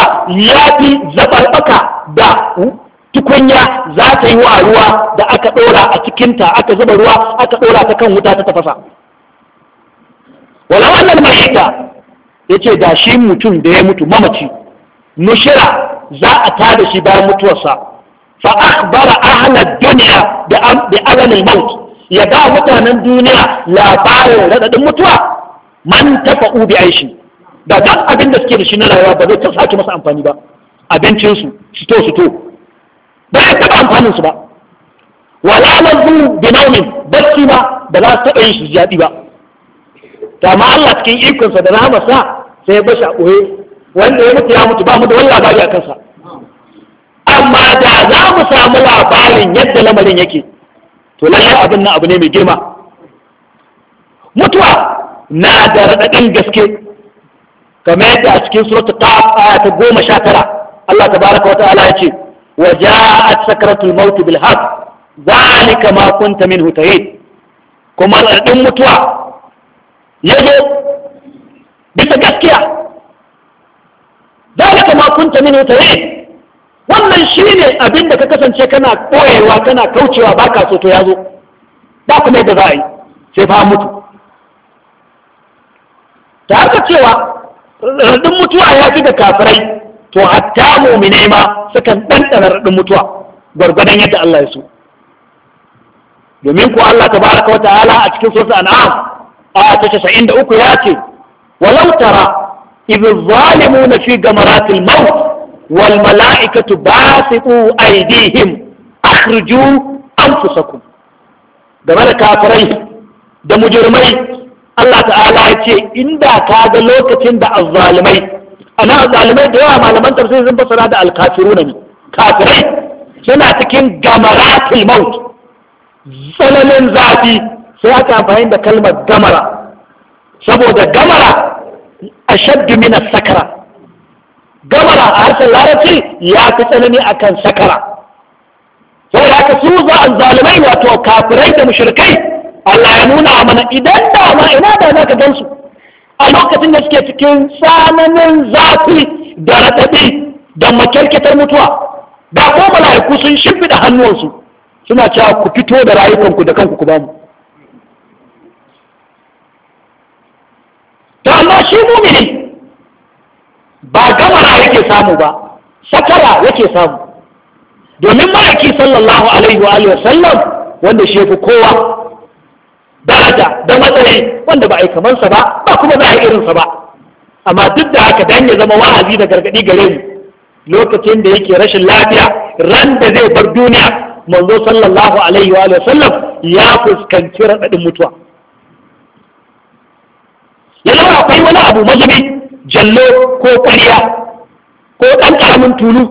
ya fi zaɓarɓaka da tukunya za ta yi wa ruwa da aka ɗora a cikinta aka zuba ruwa aka ɗora ta kan wuta ta tafasa wala wannan mahita ya ce da shi mutum da ya mutu mamaci nushira za a tada shi bayan mutuwarsa fa akhbara ahla duniya da alamil maut ya ba mutanen duniya labarin radadin mutuwa man tafa'u bi aishi da duk abin da suke da shi na rayuwa ba zai ta sake masa amfani ba abincinsu sito sito ba ya taɓa amfanin su ba wala lazu bi naumin bacci ma ba za su taɓa yin shi jaɗi ba to amma Allah cikin sa da sa sai ya bashi a koye wanda ya mutu ya mutu ba mu da wani labari a kansa amma da za mu samu labarin yadda lamarin yake to lallai abin nan abu ne mai girma mutuwa na da raɗaɗin gaske kamar yadda a cikin suratu qaf ta goma sha tara Allah ta wa ta'ala ya ce wa ja'at sakratul maut bil haqq zalika ma kunta minhu tahid kuma radin mutuwa yazo bisa gaskiya zalika ma kunta minhu tahid wannan shine abin da ka kasance kana koyewa kana kaucewa baka so to yazo ba kuma yadda za a yi sai fa mutu ta haka cewa raɗin mutuwa ya fi da kafirai to hatta mu'mine ma sukan ɗanɗana raɗin mutuwa gwargwadon yadda Allah ya so domin ko Allah tabaraka wa ta'ala a cikin sura an'am aya ta 93 ya ce walau tara idh na fi gamaratil maut wal mala'ikatu basitu aydihim akhriju anfusakum game da kafirai da mujirmai Allah ta'ala ya ce inda ka ga lokacin da azzalimai ana azzalimai da yawa malaman tafsir sun fassara da alkafiruna ne kafirai suna cikin gamaratul maut tsananin zafi sai aka amfani da kalmar gamara saboda gamara ashaddu min sakara gamara a harshen larabci ya fi tsanani akan sakara saboda haka su za zalimai wato kafirai da mushrikai Allah ya nuna mana idan da ma ina da za ka gansu a lokacin da suke cikin tsananin zafi da raɗaɗi da makyarkitar mutuwa da ko mala'iku sun shimfiɗa hannuwansu suna cewa ku fito da rayukanku da kanku ku bamu Ta Allah shi mumini ba gamara yake samu ba sakara yake samu domin ma'aiki sallallahu alaihi wa sallam wanda shi fi kowa daraja da matsayi wanda ba a yi kamansa ba ba kuma za a yi irinsa ba amma duk da haka dan ya zama wa'azi da gargadi gare mu lokacin da yake rashin lafiya ran da zai bar duniya manzo sallallahu alaihi wa sallam ya fuskanci raɗaɗin mutuwa yana akwai wani abu mazubi jallo ko ƙarya ko ɗan ƙaramin tulu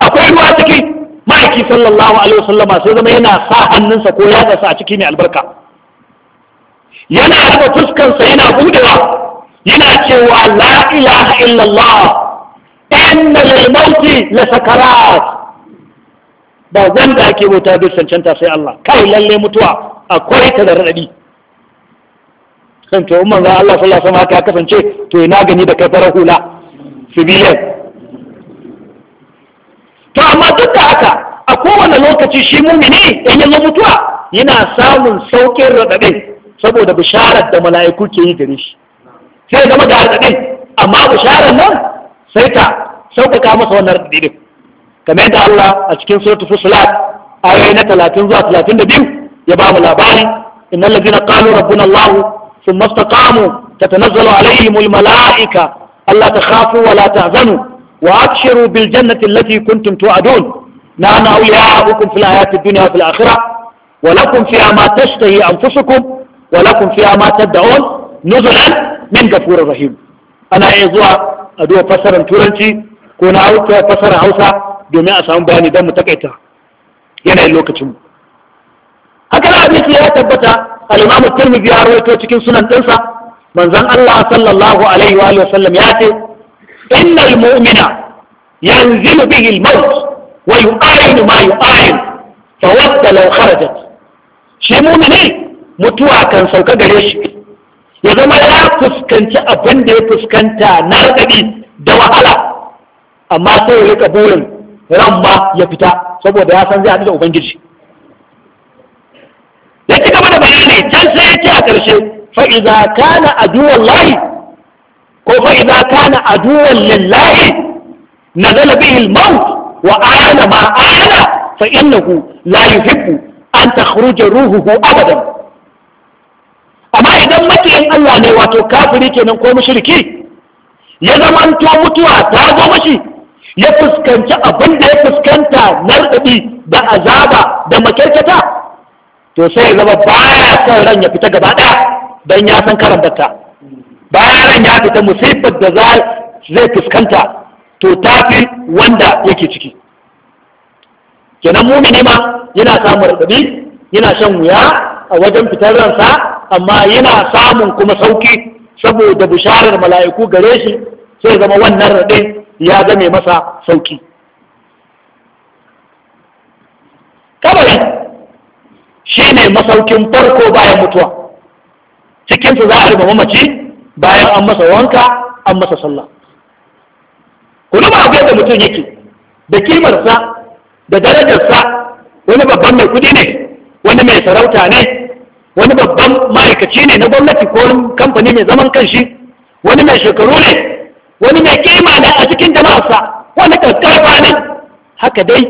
akwai ruwa ciki ma'aiki sallallahu alaihi wasallama sai zama yana sa hannunsa ko ya sa a ciki mai albarka yana raba fuskansa yana budewa yana cewa la ilaha illallah inna lil mauti la sakarat ba wanda ake bauta duk cancanta sai Allah kai lalle mutuwa akwai ta da radadi kan to umman ga Allah sallallahu alaihi wasallam ka kasance to ina gani da kai farahula hula to amma duk da haka a kowane lokaci shi mumini in yanzu mutuwa yana samun saukin raɗaɗin saboda bisharar da mala'iku ke yi gare shi sai zama da raɗaɗin amma bisharar nan sai ta sauƙaƙa masa wannan raɗaɗin kamar yadda Allah a cikin suratul fusilat ayoyi na talatin zuwa talatin da biyu ya ba mu labari innal ladina qalu rabbuna Allah ثم استقاموا تتنزل عليهم الملائكة ألا تخافوا wa تحزنوا وأبشروا بالجنة التي كنتم توعدون نحن نعم أولياؤكم في الآيات الدنيا وفي الآخرة ولكم فيها ما تشتهي أنفسكم ولكم فيها ما تدعون نزلا من غفور رحيم أنا يزوى أدوى فسر تورنتي كون أعوك فسر هوسا دومي أسعون باني دم هنا اللوكة اللوكتم هكذا حديث لا تبتا الإمام في يروي توتكين سنة تنسى من ذن الله صلى الله عليه وآله وسلم يأتي إن المؤمن ينزل به الموت ويقارن ما يقارن فود لو خرجت shi mumini mutuwa kan sauka gare shi ya zama ya fuskanci abin da ya fuskanta na raɗaɗi da wahala amma sai ya rika burin ran ya fita saboda ya san zai haɗu da ubangiji ya ci gaba bayani can sai ya ce a ƙarshe fa'iza kana aduwan ko fa'iza kana aduwan lillahi na zalabihil maut wa ana ma ana fa an takhruja ruhuhu abadan amma idan makiyin Allah ne wato kafuri kenan ko mushriki ya zamanto mutuwa ta zo mashi ya fuskanci abin da ya fuskanta narɗaɗi da azaba da makyarkata to sai zama baya son ran ya fita gabaɗaya ɗaya don ya san karan batta ran ya fita musibar da zai fuskanta to tafi wanda yake ciki kenan mumini ma yana samun raɗaɗi yana shan wuya a wajen fitar ransa amma yana samun kuma sauki saboda bisharar mala'iku gare shi sai zama wannan raɗin ya zame masa sauki kawai shi ne masaukin farko bayan mutuwa cikinsu za a mamaci bayan an masa wanka an masa sallah kuma ba da mutum yake da kimarsa da darajarsa wani babban mai kudi ne wani mai sarauta ne wani babban ma'aikaci ne na gwamnati ko kamfani mai zaman kanshi wani mai shekaru ne wani mai kima ne a cikin jama'arsa wani karkarwa ne haka dai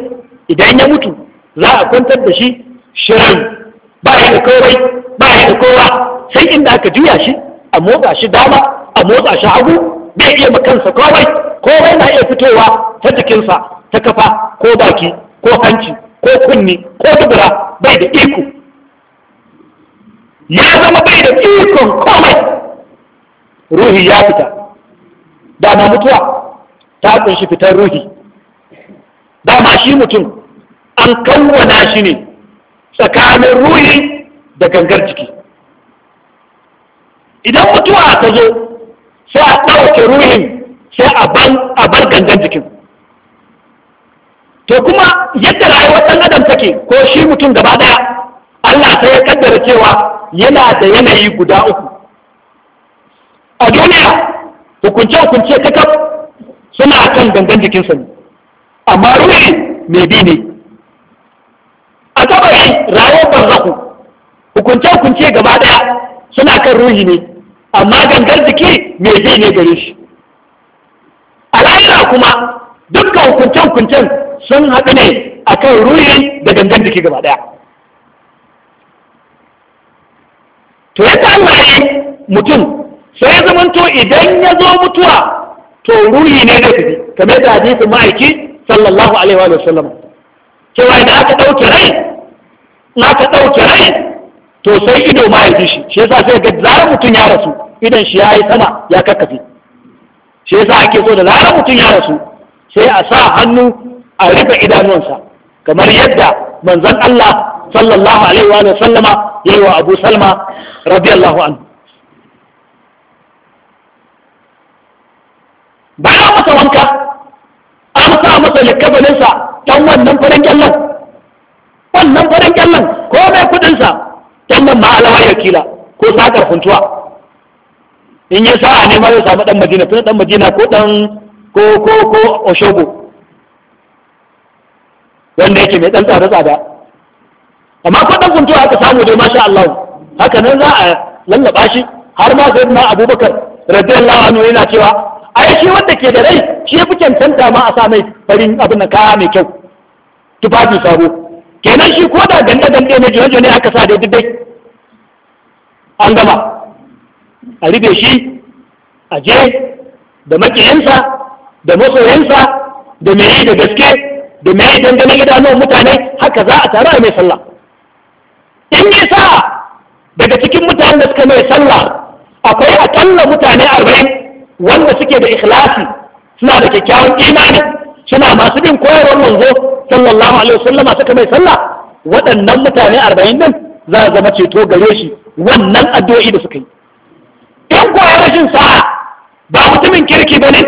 idan ya mutu za a kwantar da shi shirin ba ya da kowai ba ya da kowa sai inda aka juya shi a motsa shi dama a motsa shi hagu bai iya makansa kowai kowai na iya fitowa ta jikinsa ta kafa ko baki ko hanci ko kunni ko dubura bai da iko ya zama bai da ikon komai ruhi ya fita da na mutuwa ta kunshi fitar ruhi ma shi mutum an kawwana shi ne tsakanin ruhi da gangar jiki idan mutuwa ta zo sai a ɗauke ruhin sai a bar gangan jikin to kuma yadda rayuwar ɗan adam take ko shi mutum gaba ɗaya Allah sai ya kaddara cewa yana da yanayi guda uku a duniya hukunce hukunce kaf suna kan gangan jikinsa ne amma ruhi mai bi ne a shi rayuwar barzaku hukunce hukunce gaba ɗaya suna kan ruhi ne amma gangan jiki mai bi ne gare shi a kuma dukkan hukunce hukuncen sun haɗu ne akan ruri da gangan jiki gaba ɗaya to ta Allah ya mutum sai ya to idan ya zo mutuwa to ruri ne da tafi kamar da hadisi ma'aiki sallallahu alaihi wa sallam cewa idan aka ɗauke rai na aka ɗauke rai to sai ido ma ya shi shi yasa sai ga zarar mutum ya rasu idan shi ya yi sama ya kakkafe shi yasa ake so da zarar mutum ya rasu sai a sa hannu a rufe idanuwansa kamar yadda manzon Allah sallallahu alaihi wa sallama yi wa Abu Salma radiyallahu anhu ba a masa wanka an sa masa likabalinsa dan wannan farin kyallon wannan farin kyallon ko mai kudinsa dan man ma'alawa ya kila ko sakar huntuwa in ya sa'a ne ma zai samu dan madina tun dan madina ko dan ko ko ko oshogo wanda yake mai ɗan tsada tsada amma ko ɗan kuntuwa aka samu dai masha Allah haka nan za a lallaba shi har ma sai na Abubakar radiyallahu anhu yana cewa ai shi wanda ke da rai shi yafi cancanta ma a sa mai farin abin nan kaya mai kyau tufafi sabo kenan shi ko da ganda ganda ne jone ne aka sa dai duk dai an gama a rufe shi a je da makiyansa da masoyansa da mai da gaske da idan dangane idanun mutane haka za a taru a mai sallah in nisa daga cikin mutanen da suka mai sallah akwai akalla mutane arba'in wanda suke da ikhlasi suna da kyakkyawan imani suna masu bin koyarwar manzo sallallahu alaihi wasallama suka mai sallah waɗannan mutane arba'in nan za a zama ceto gare shi wannan addu'o'i da suka yi in kuwa rashin sa'a ba mutumin kirki bane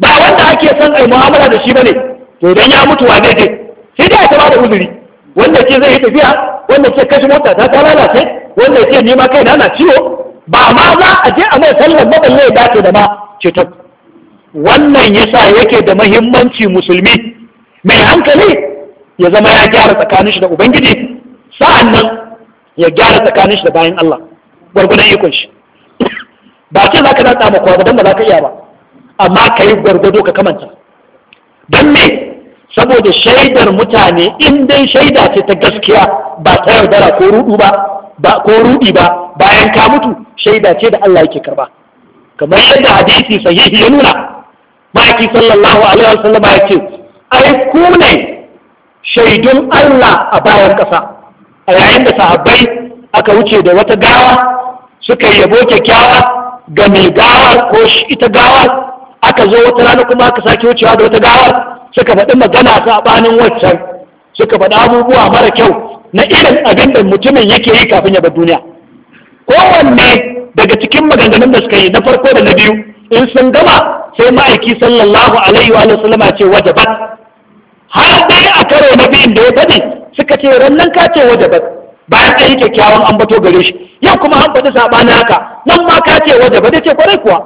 ba wanda ake son ai mu'amala da shi bane to idan ya mutu wane ce sai dai a ta da uzuri wanda ke zai yi tafiya wanda ke kashe mota ta ta lalace wanda ke ni kai na ciwo ba ma za a je a mai sallar maballe ya dace da ma ceton wannan yasa yake da mahimmanci musulmi mai hankali ya zama ya gyara tsakanin shi da ubangiji sa'an ya gyara tsakanin shi da bayan Allah gwargwadon ikon shi ba ce za ka na tsama ba don ba za ka iya ba amma ka yi gwargwado ka kamanta don me saboda shaidar mutane in dai shaida ce ta gaskiya ba ta yaudara ko rudu ba ba ko rudi ba bayan ka mutu shaida ce da Allah yake karba kamar yadda hadisi sahihi ya nuna maki sallallahu alaihi wasallam ya ce ai ku ne shaidun Allah a bayan kasa a yayin da sahabbai aka wuce da wata gawa suka yabo kyakkyawa ga mai gawar ko ita gawar aka zo wata rana kuma aka sake wucewa da wata gawar suka faɗi magana saɓanin waccan suka faɗi abubuwa mara kyau na irin abin da mutumin yake yi kafin ya bar duniya kowanne daga cikin maganganun da suka yi na farko da na biyu in sun gama sai ma'aiki sallallahu alaihi wa sallama ce wajabat har dai a karo na biyun da ya faɗi suka ce rannan ka ce wajabat bayan an yi kyakkyawan ambato gare shi yau kuma an faɗi saɓanin haka nan ma ka ce wajabat ya ce kwarai kuwa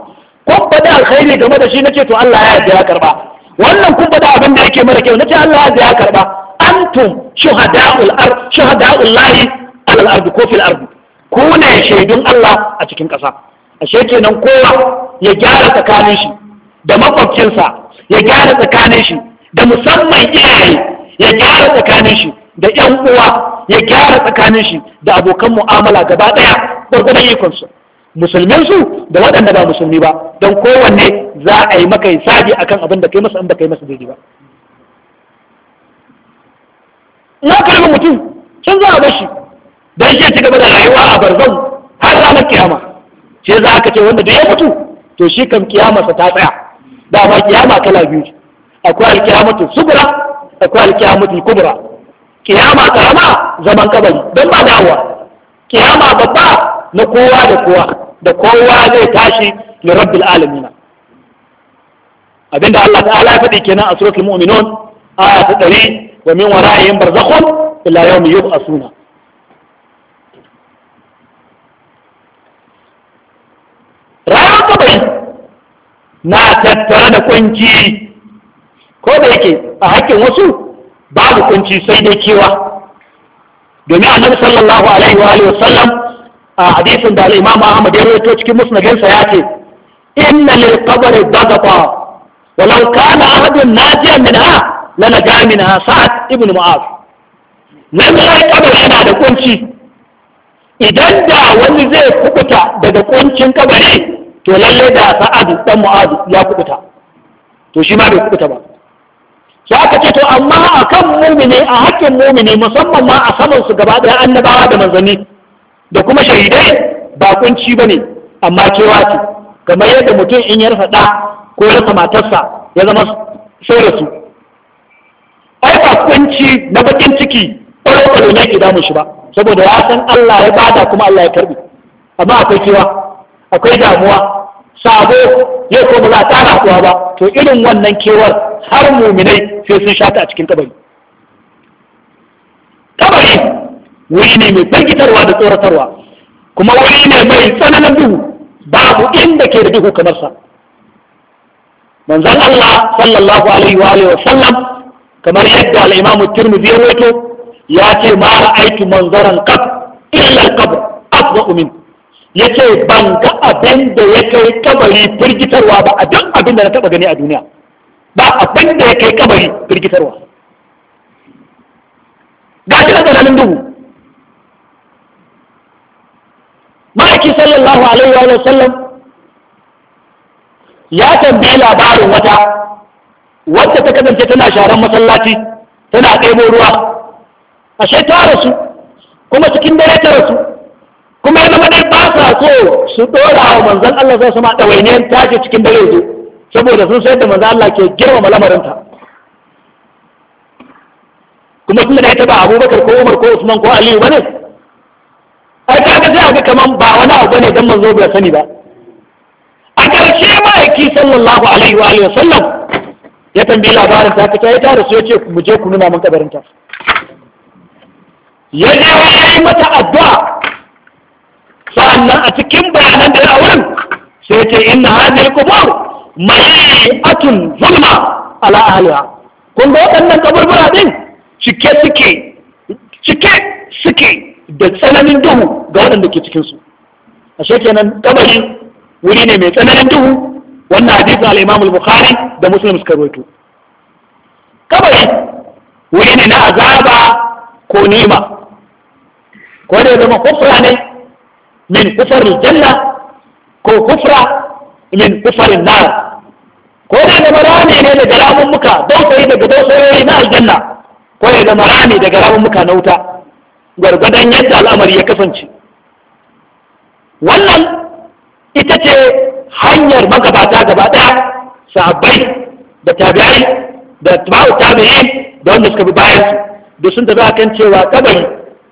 ko faɗi alkhairi game da shi na ce to Allah ya yarda ya karɓa. wannan kun faɗa abin da yake mara kyau nace Allah ya karba antum shuhada'ul ard shuhada'ul lahi alal ard ko fil ard ku ne shaidun Allah a cikin ƙasa ashe kenan kowa ya gyara tsakanin shi da makwabcinsa ya gyara tsakanin shi da musamman iyaye ya gyara tsakanin shi da ƴan uwa ya gyara tsakanin shi da abokan mu'amala gaba ɗaya gwargwadon ikonsu musulmin su da waɗanda ba musulmi ba don kowanne za a yi maka hisabi akan abin da kai masa in ba kai masa daidai ba na karbi mutum can za a bashi don shi ci gaba da rayuwa a barzan har ranar kiyama ce za ka ce wanda da ya mutu to shi kan sa ta tsaya Da ma kiyama kala biyu akwai alkiyamatu subra akwai alkiyamatu kubra kiyama karama zaman kabari don ba dawowa kiyama babba na kowa da kowa da kowa zai tashi li rabbil alamin abinda Allah ta'ala ya faɗi kenan a suratul mu'minun aya ta 100 wa min wara'ihim barzakhun ila yawmi yub'asuna ta bai na tattara da kunci ko da yake a hakkin wasu babu kunci sai dai kewa domin annabi sallallahu alaihi wa sallam a hadisin da al'imam Ahmad ya rawaito cikin musnadinsa ya ce inna lil qabri dagata ولو Na أحد ناجيا منها Sa'ad ibn سعد Na معاذ lallai kabar yana da kunci idan da wani zai kukuta daga kuncin kabari to lallai da Sa'ad dan mu'adu ya kukuta to shi ma bai kukuta ba sai aka ce to amma akan mumini a hakkin mumini musamman ma a saman su gaba ɗaya annabawa da manzanni da kuma shahidai ba kunci ba ne amma kewa ce kamar yadda mutum in ya rasa ɗa ko rasa matarsa ya zama sai su ai bakunci na bakin ciki ɓarɓaro ne ke damu shi ba saboda ya san Allah ya bada kuma Allah ya karbi amma akwai cewa, akwai damuwa sabo yau ko ba za a tara kuwa ba to irin wannan kewar har muminai sai sun shata a cikin kabari kabari wuri ne mai firgitarwa da tsoratarwa kuma wuri ne mai tsananin duhu babu inda ke da duhu kamar sa manzon Allah sallallahu alaihi wa alihi wa sallam kamar yadda al-Imam Tirmidhi ya wato ya ce ma ra'aytu manzaran qab illa al-qabr afdhu min yace ban ga abin da ya kai kabari firgitarwa ba a duk abin da na taba gani a duniya ba abin da ya kai kabari firgitarwa ga shi da duhu ma'aiki sallallahu alaihi wa sallam ya tambayi labarin wata wadda ta kasance tana sharan masallaci tana ɗebo ruwa ashe ta rasu kuma cikin dare ta rasu kuma yana zama ba so su ɗora wa manzan Allah zai sama ɗawainiyar tashi cikin dare zo saboda sun sayar da manzan Allah ke girmama lamarinta kuma tun da ya taɓa abubakar ko umar ko usman ko aliyu ba ne ai kaga a aka kaman ba wani abu ne dan manzo bai sani ba a ƙarshe ma'aiki sallallahu alaihi wa alihi wasallam ya tambayi labarin ta ta ta rasu yace mu je ku nuna min kabarinta ya je yi mata addu'a sa'annan a cikin bayanan da ya wurin sai ce inna hadhihi qubur mai'atun zulma ala ahliha kun ga waɗannan kaburbura din cike suke cike suke da tsananin duhu ga waɗanda ke cikinsu A kenan kabari wuri ne mai tsananin duhu wannan hadisin al-Imam bukhari da Muslim suka rawaito kabari wuri ne na azaba ko nima. ko da zama kufra ne min kufar janna ko kufra min kufar nar ko da zama rami ne daga ramin muka dausayi daga dausayoyi na aljanna ko da zama rami daga ramin muka na wuta gwargwadon yadda al'amari ya kasance wannan ita ce hanyar magabata gaba ɗaya sahabbai da tabi'ai da tabi'u tabi'i da wanda suka bi bayan su da sun tafi akan cewa kabari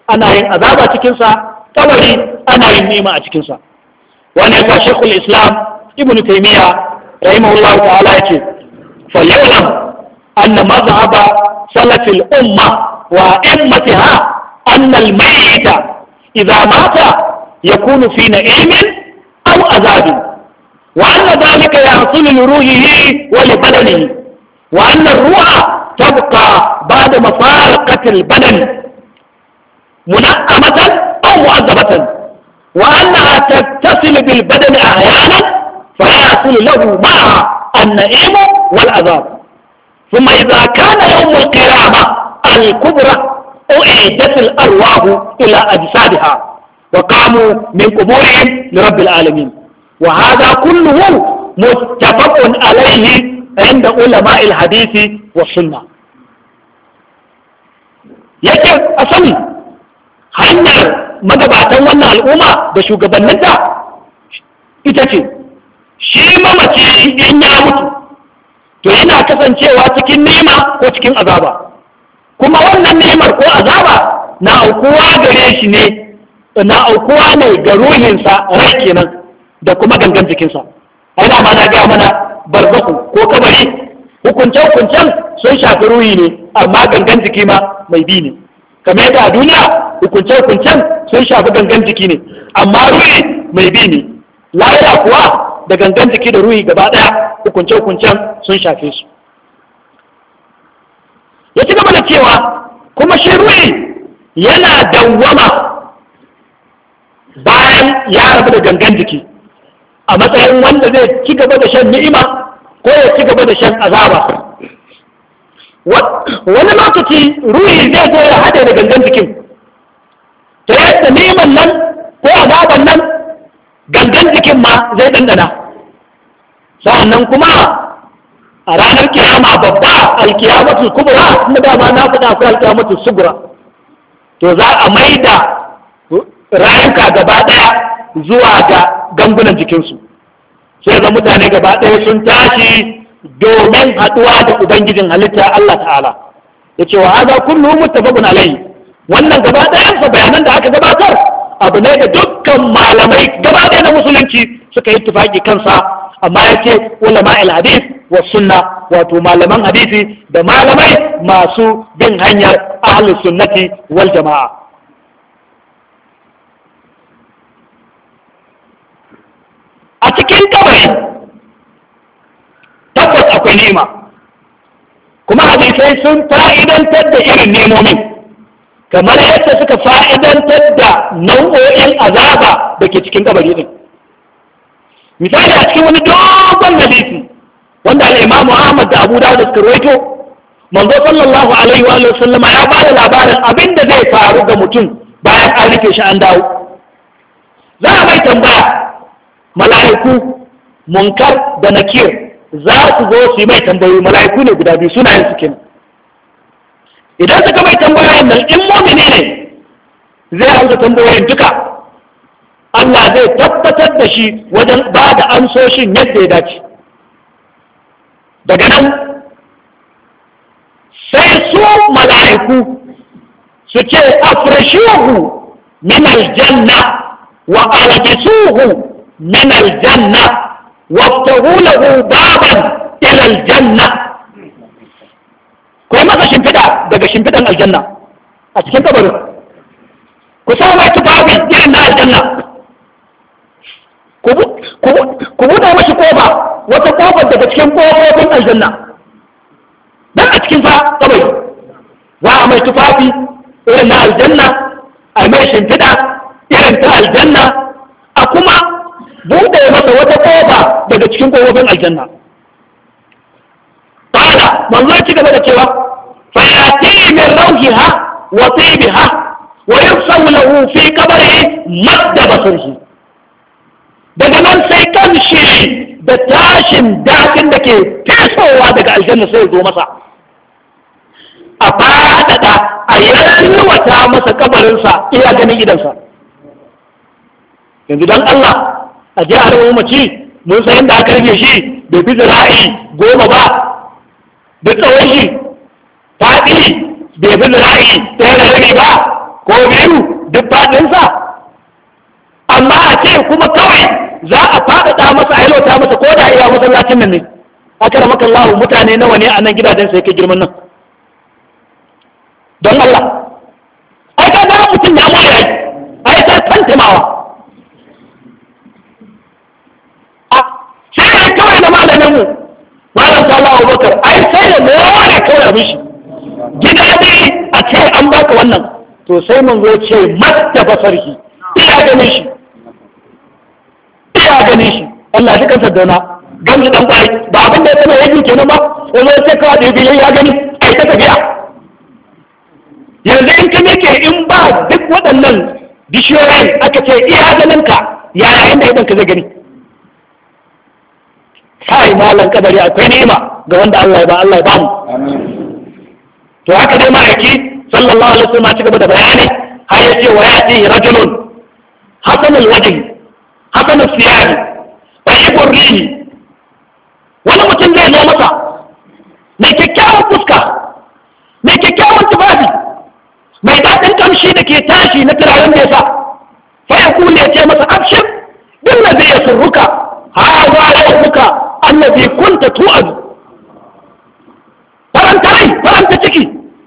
ana yin azaba cikinsa kabari ana yin nema a cikinsa wani ya shekul islam ibn taimiyya rahimahullah ta'ala ya ce falyalam anna mazaba salafil umma wa immatiha أن الميت إذا مات يكون في نعيم أو عذاب وأن ذلك يحصل لروحه ولبدنه وأن الروح تبقى بعد مفارقة البدن منعمة أو مؤذبة وأنها تتصل بالبدن أحيانا فيحصل له معها النعيم والعذاب ثم إذا كان يوم القيامة الكبرى أعيدت الأرواح إلى أجسادها وقاموا من قبورهم لرب العالمين وهذا كله متفق عليه عند علماء الحديث والسنة yake a sani hanyar magabatan wannan al'umma da shugabanninta ita ce shi mamaci in ya mutu to yana kasancewa cikin nema ko cikin azaba kuma wannan nemar ko azaba na aukuwa gare shi ne na aukuwa ne ga ruhinsa rai kenan da kuma gangan jikinsa ana ma na gaya mana barzaku ko kabari hukuncen hukuncen sun shafi ruhi ne amma gangan jiki ma mai bi ne kamar yadda a duniya hukuncen hukuncen sun shafi gangan jiki ne amma ruhi mai bi ne lahira kuwa da gangan jiki da ruhi gaba daya hukuncen hukuncen sun shafe su ya ci gaba da cewa kuma shi ruhi yana dawwama bayan ya rabu da gangan jiki a matsayin wanda zai ci gaba da shan ni'ima ko ya ci gaba da shan azaba wani lokaci ruhi zai zo ya haɗe da gangan jikin ta yadda neman nan ko azaban nan gangan jikin ma zai ɗanɗana sa'annan kuma a ranar kiyama babba alkiyamatu kubura, kuma dama na faɗa akwai alkiyamatu sugura to za a maida rayuka gaba ɗaya zuwa ga gangunan jikinsu sai ga mutane gaba ɗaya sun tashi domin haɗuwa da ubangijin halitta Allah ta'ala ya ce wa haza kullu muttafaqun alayhi wannan gaba ɗayan sa bayanan da aka gabatar abu ne da dukkan malamai gaba ɗaya na musulunci suka yi tufaki kansa amma yake ulama al-hadith wa sunna wato malaman hadisi da malamai masu bin hanyar ahlus sunnati wal jama'a a cikin kabari tabbas akwai nema kuma hadisai sun fa'idantar da irin nemomin kamar yadda suka fa'idantar da nau'o'in azaba da ke cikin kabari din misali a cikin wani dogon hadisi wanda al Muhammad Ahmad da Abu Dawud suka rawaito manzo sallallahu alaihi wa sallama ya ba da labarin abin da zai faru ga mutum bayan an rike shi an dawo za a mai tambaya mala'iku munkar da nakir za su zo su yi mai tambayoyi mala'iku ne guda biyu suna yin su kenan idan suka mai tambayoyin nan in mumini ne zai amsa tambayoyin duka Allah zai tabbatar da shi wajen ba da amsoshin yadda ya dace daga nan sai su mala'iku su ce afrashuhu min aljanna wa albisuhu min aljanna waftahu lahu baban ila aljanna Kuma masa shimfiɗa daga shimfidan aljanna a cikin kabarin ku sa mai tufafin irin na aljanna ku buɗa mashi ƙofa wata ƙofar daga cikin ƙofofin aljanna dan a cikin fa kawai za a mai tufafi irin na aljanna a mai shimfiɗa irin ta aljanna a kuma buɗe masa wata ƙofa daga cikin ƙofofin aljanna ta'ala manzo ya ci gaba da cewa fa yati min rawhiha wa tibiha wa yusawlahu fi qabrihi madda basirhi daga nan sai kan shi da tashin daɗin da ke tasowa daga aljanna sai zo masa a faɗaɗa a yalwata masa kabarinsa iya ganin gidansa yanzu don Allah a je a rawa mace mun san yadda aka rage shi bai fi zira'i goma ba da tsawon shi faɗi bai fi zira'i ɗaya da rabi ba ko biyu duk faɗinsa amma a ce kuma kawai za a faɗaɗa masa a yalwata masa ko da iya masallacin nan ne kira maka Allah mutane nawa ne a nan gidajen sai kai girman nan don Allah ai ka ga mutum da Allah yayi ai ka mawa a sai kawai na malamin mu malam sallallahu alaihi A ai sai da mora kawai abin shi gida dai a ce an baka wannan to sai mun zo ce matta basarki ina ganin shi Allah shi kansa dona gamji dan bai ba abin da yana yakin kenan ba wanda ya kawo da yabi ya gani ai ta tafiya yanzu in ka ke in ba duk waɗannan bishiyoyin aka ce iya ganin ka yaya inda idan ka zai gani sai malan kadari akwai ni'ima ga wanda Allah ya ba Allah ya ba mu to haka dai ma'aiki sallallahu alaihi wasallam ci gaba da bayani har yace wa yati rajulun hasanul wajhi hasanul siyari tayyibur rihi wani mutum zai zo masa mai kyakkyawan fuska mai kyakkyawan tufafi mai daɗin kamshi da ke tashi na turaren da ya sa fa ya kule ce masa abshir din na zai surruka ha wa rabbuka allazi kunta tu'adu faranta rai faranta ciki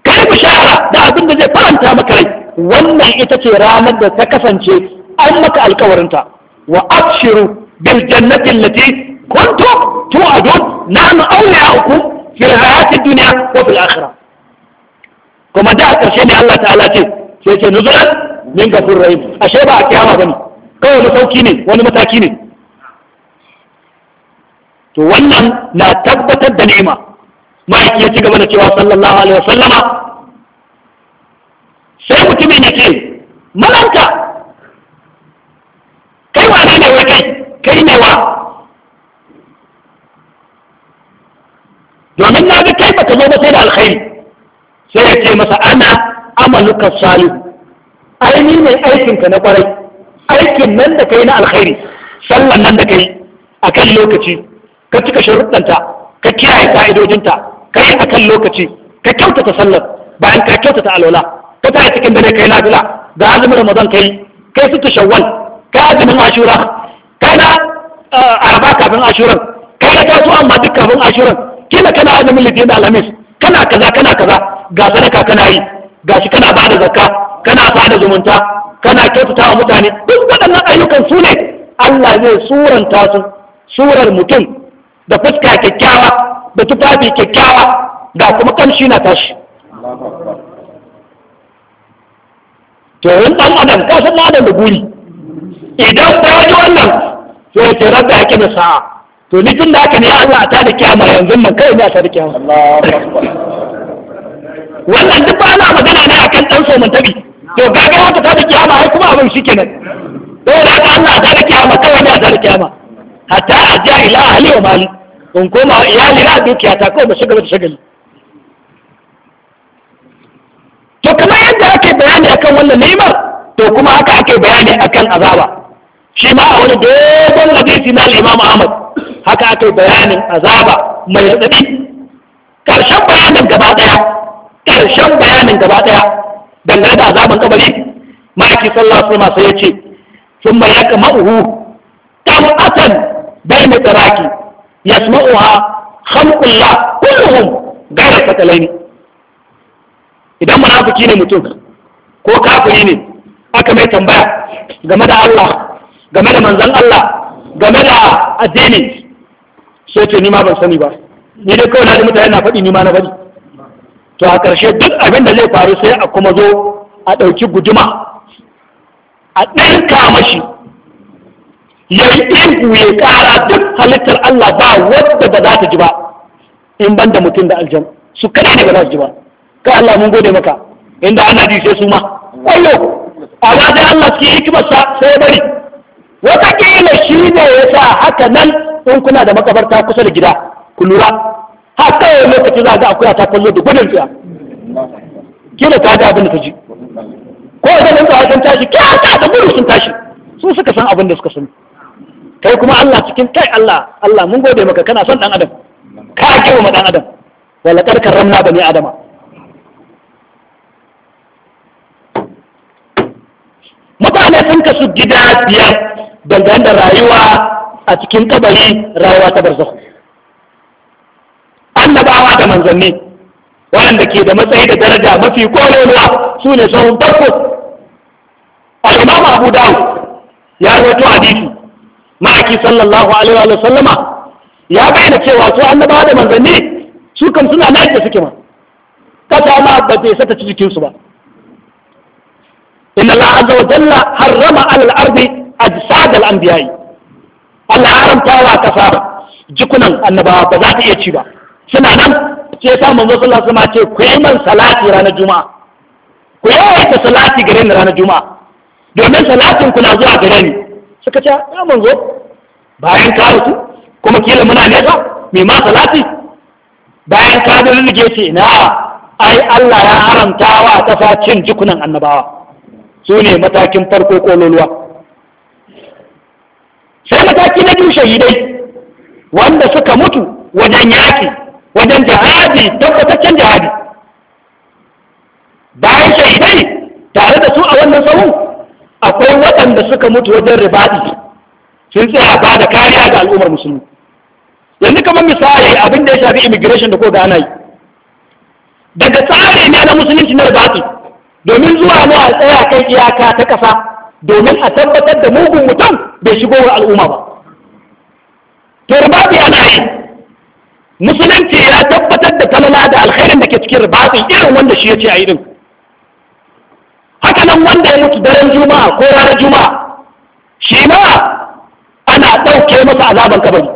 kai bishara da abin da zai faranta maka rai wannan ita ce ranar da ta kasance an maka alkawarinta wa abshiru بالجنة التي كنتم توعدون نحن أولياؤكم في الحياة الدنيا وفي الآخرة كما دعا كرشين الله تعالى سيكي نزلا من غفور رحيم أشياء بقى كيامة بني كوي مسوكيني ونمتاكيني to wannan na tabbatar da ni'ima ma'aiki ya ci gaba da cewa sallallahu alaihi wasallama sai mutumin ya ce malanka sai ya ce masa ana amaluka salu ai ni ne aikinka na kwarai aikin nan da kai na alkhairi sallan nan da kai kan lokaci ka cika sharuɗanta ka kiyaye ka'idojinta ka yi akan lokaci ka kyautata sallar bayan ka kyautata alwala ka tayi cikin dare kai nafila da azumin ramadan kai kai su shawwal kai azumin ashura kai na eh, araba kafin ashuran kai na taso amma duk kafin ashuran kila kana azumin litinin alhamis kana kaza kana kaza ga sadaka kana yi ga shi kana bada zakka kana bada zumunta kana kyautata wa mutane duk waɗannan ayyukan su ne Allah zai suranta su surar mutum da fuska kyakkyawa da tufafi kyakkyawa da kuma kamshi na tashi to yin ɗan adam ka san adam da guri idan ka ji wannan sai ce rabbi ake sa'a to ni tun da haka ne Allah ta da kiyama yanzu nan kai za ta da kiyama wannan duk ba na magana ne akan dan so muntabi to gaga wata ta da kiyama har kuma abin shikenan to da Allah ta da kiyama kai wani ta da kiyama hatta ajja ila ahli wa mali kun koma iyali na dukiya ta ko ba shigar da shigar to kamar yadda ake bayani akan wannan neman, to kuma haka ake bayani akan azaba shi ma a wani dogon hadisi na al-Imam Ahmad haka aka bayanin azaba mai tsadi Karshen bayanin gaba ɗaya ƙarshen bayanin gaba ɗaya dangane da azaban kabari maki sallallahu alaihi wasallam sai ya ce sun mai yaka ma'uhu tam atan bai mai tsaraki yasma'uha khalqullah kulluhum gaira fatalaini idan munafiki ne mutum ko kafiri ne aka mai tambaya game da Allah game da manzon Allah game da addini sai ce ni ma ban sani ba ni dai kawai na ji mutane na faɗi ni ma na faɗi to a ƙarshe duk abin da zai faru sai a kuma zo a ɗauki guduma a ɗanka mashi ya yi ihu ya ƙara duk halittar Allah ba wadda ba za ta ji ba in ban da mutum da aljan su kada ne ba za su ji ba ka Allah mun gode maka inda ana ji sai su ma kwayo a wajen Allah suke hikimarsa sai bari ya sa haka nan in kuna da makabarta kusa da gida ku lura har kawai lokaci za ga akuya ta kallo da gudun tsaya kila ta ga abin da ta ji ko da nan ta san tashi kya ta da gudu sun tashi su suka san abin da suka san kai kuma Allah cikin kai Allah Allah mun gode maka kana son dan adam ka kiwo ma dan adam wala kar karramna bani adama mutane sun kasu gida biyar dangane da rayuwa a cikin kabari rayuwa ta barzahu annabawa da manzanni waɗanda ke da matsayi da daraja mafi kololuwa su ne sahun farko al abu dawud ya rawaito hadisi ma'aiki sallallahu alaihi wa sallama ya bayyana cewa su annabawa da manzanni su kan suna nan da suke ma kasa ma ba zai sata ci jikinsu ba inna Allah azza wa jalla harrama alal ardi ajsad al anbiya'i Allah haramta wa kasa jikunan annabawa ba za ta iya ci ba suna nan ce sa manzo sallallahu alaihi wasallam ce ku yi man salati ranar juma'a ku yi ta salati gare ni ranar juma'a domin salatin ku na zuwa gare ni suka ce ya manzo bayan ka rutu kuma kila muna nesa me ma salati bayan ka da rige ce na ai Allah ya haramta wa kasa cin jikunan annabawa su ne matakin farko ko kololuwa sai mataki na biyu shahidai wanda suka mutu wajen yaki wajen jihadi tabbataccen jihadi bayan shahidai tare da su a wannan sahu akwai waɗanda suka mutu wajen ribadi sun tsaya ba da kariya ga al'ummar musulmi yanzu kamar misali abin da ya shafi immigration da ko da ana yi daga tsari ne na musulunci na ribadi domin zuwa mu a tsaya kan iyaka ta ƙasa domin a tabbatar da mugun mutum bai shigo wa al'umma ba to rubabi ana yi musulunci ya tabbatar da talala da alkhairin da ke cikin ribaɗi irin wanda shi ya ce a yi din haka nan wanda ya mutu daren juma'a ko ranar juma'a shi ma ana ɗauke masa azaban kabari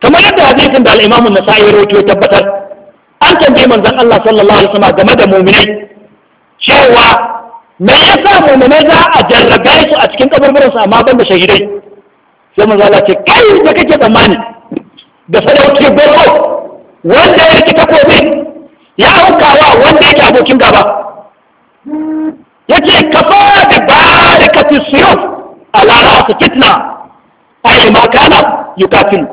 kamar yadda hadisin da al'imamun nasa'i ya rawaito tabbatar an tambaye manzon Allah sallallahu alaihi wasallam game da mu'minai cewa me yasa mu'mine za a jarraga su a cikin kaburburansu amma ban da shahidai sai manzo Allah ce kai da kake tsammani da sadauki boko wanda ya rike takobi ya hukawa wanda yake abokin gaba yace kafa da barakati siyuf ala ra'si kitna ay ma kana yukatin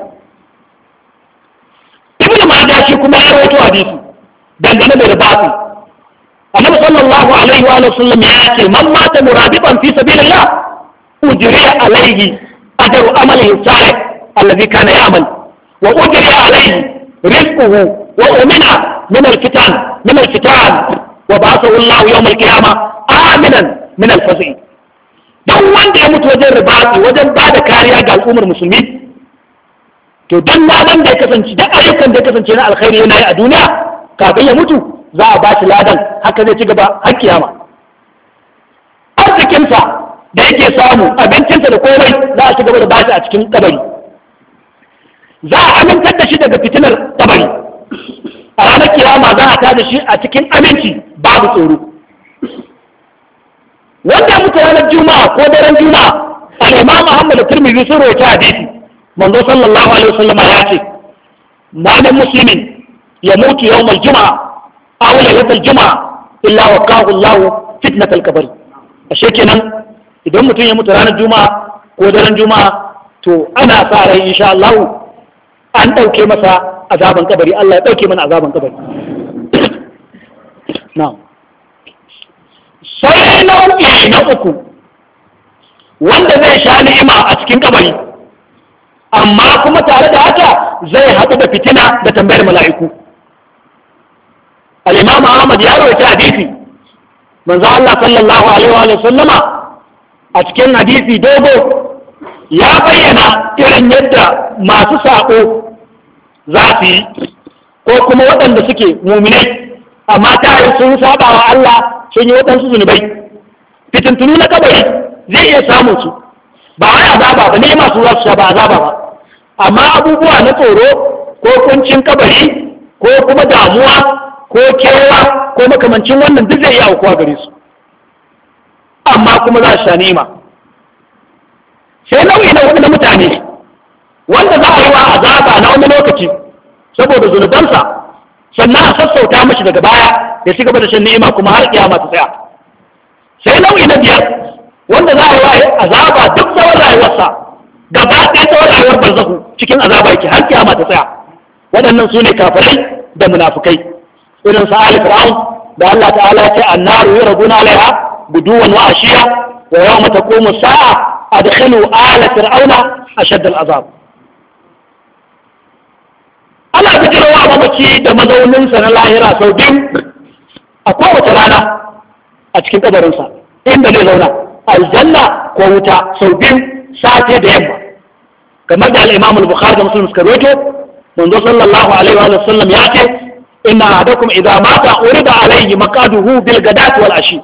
ibnu majah shi kuma ya rawaito hadisi dangane da ribati النبي صلى الله عليه وآله وسلم يأتي من مات مرابطا في سبيل الله أجري عليه أجر عمله الصالح الذي كان يعمل وأجري عليه رزقه وأمنع من الفتن من الفتان وبعثه الله يوم القيامة آمنا من الفزع don وان ya mutu wajen رباط wajen بعد كاريا kariya ga مسلمين تو دن ما naman da ya kasance da ayyukan da ya انا na alkhairi yana yi a duniya za a ba shi ladan haka zai ci gaba har kiyama arzikinsa da yake samu abincinsa da komai za a ci gaba da bashi a cikin kabari za a amintar da shi daga fitilar kabari a ranar kiyama za a ta da shi a cikin aminci babu tsoro wanda mutu ranar juma'a ko daren juma'a Muhammadu turmi turmizi sun roƙi hadisi manzo sallallahu alaihi wasallama ya ce ma'anin musulmin ya mutu mai juma'a aw la yutal juma'a illa wa waqahu Allah fitnatal kabari ashe kenan idan mutum ya mutu ranar juma'a ko daren juma'a to ana sa rai insha Allah an dauke masa azaban kabari Allah ya dauke mana azaban kabari na'am sai nau'i na uku wanda zai sha ni'ima a cikin kabari amma kuma tare da haka zai haɗu da fitina da tambayar mala'iku al-imam ahmad ya rawaita hadisi manzo Allah sallallahu alaihi wa sallama a cikin hadisi dogo ya bayyana irin yadda masu saƙo za su yi ko kuma waɗanda suke muminai amma ta sun saba wa Allah sun yi waɗansu zunubai fitintunu na kabari zai iya samun su ba wai azaba ba ne masu za su ba zaba ba amma abubuwa na tsoro ko kuncin kabari ko kuma damuwa ko kewa ko makamancin wannan duk zai iya aukuwa gare su amma kuma za a sha nema sai nau'i na wani mutane wanda za a yi wa azaba na wani lokaci saboda zunubansa sannan a sassauta mashi daga baya ya cigaba gaba da shan ni'ima kuma har kiyama ta tsaya sai nau'i na biyar wanda za a yi wa azaba duk tsawon rayuwarsa gaba ɗaya tsawon rayuwar barzahu cikin azaba yake har kiyama ta tsaya waɗannan su ne kafirai da munafukai irin sa ali fir'aun da Allah ta'ala ya ce annaru yarabuna alaiha guduwan wa ashiya wa yawma taqumu sa'a adkhilu ala fir'auna ashadd al'azab ana fitarwa mamaki da mazauninsa na lahira sau biyu a kowace rana a cikin kabarinsa inda zai zauna aljanna ko wuta sau biyu safe da yamma kamar da al'imam al-bukhari da muslim suka roto manzo sallallahu alaihi wa sallam ya ce inna ahadakum idza mata urida alayhi maqaduhu bil ghadati wal ashi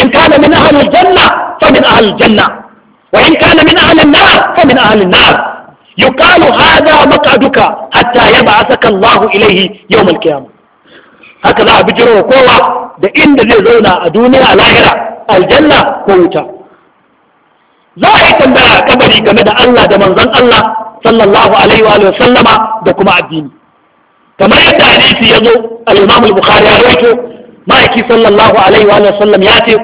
in kana min ahli al janna fa min ahli al janna wa in kana min ahli an nar fa min ahli an nar يقال هذا مقعدك حتى يبعثك الله إليه يوم القيامة هكذا بجروا قوة da inda zai zauna a duniya lahira aljanna ko wuta za a yi tambaya a kabari game da Allah da manzon Allah sallallahu alaihi da kuma addini كما يتحدث يضو الإمام البخاري رحته ما يكي صلى الله عليه وآله وسلم ياتي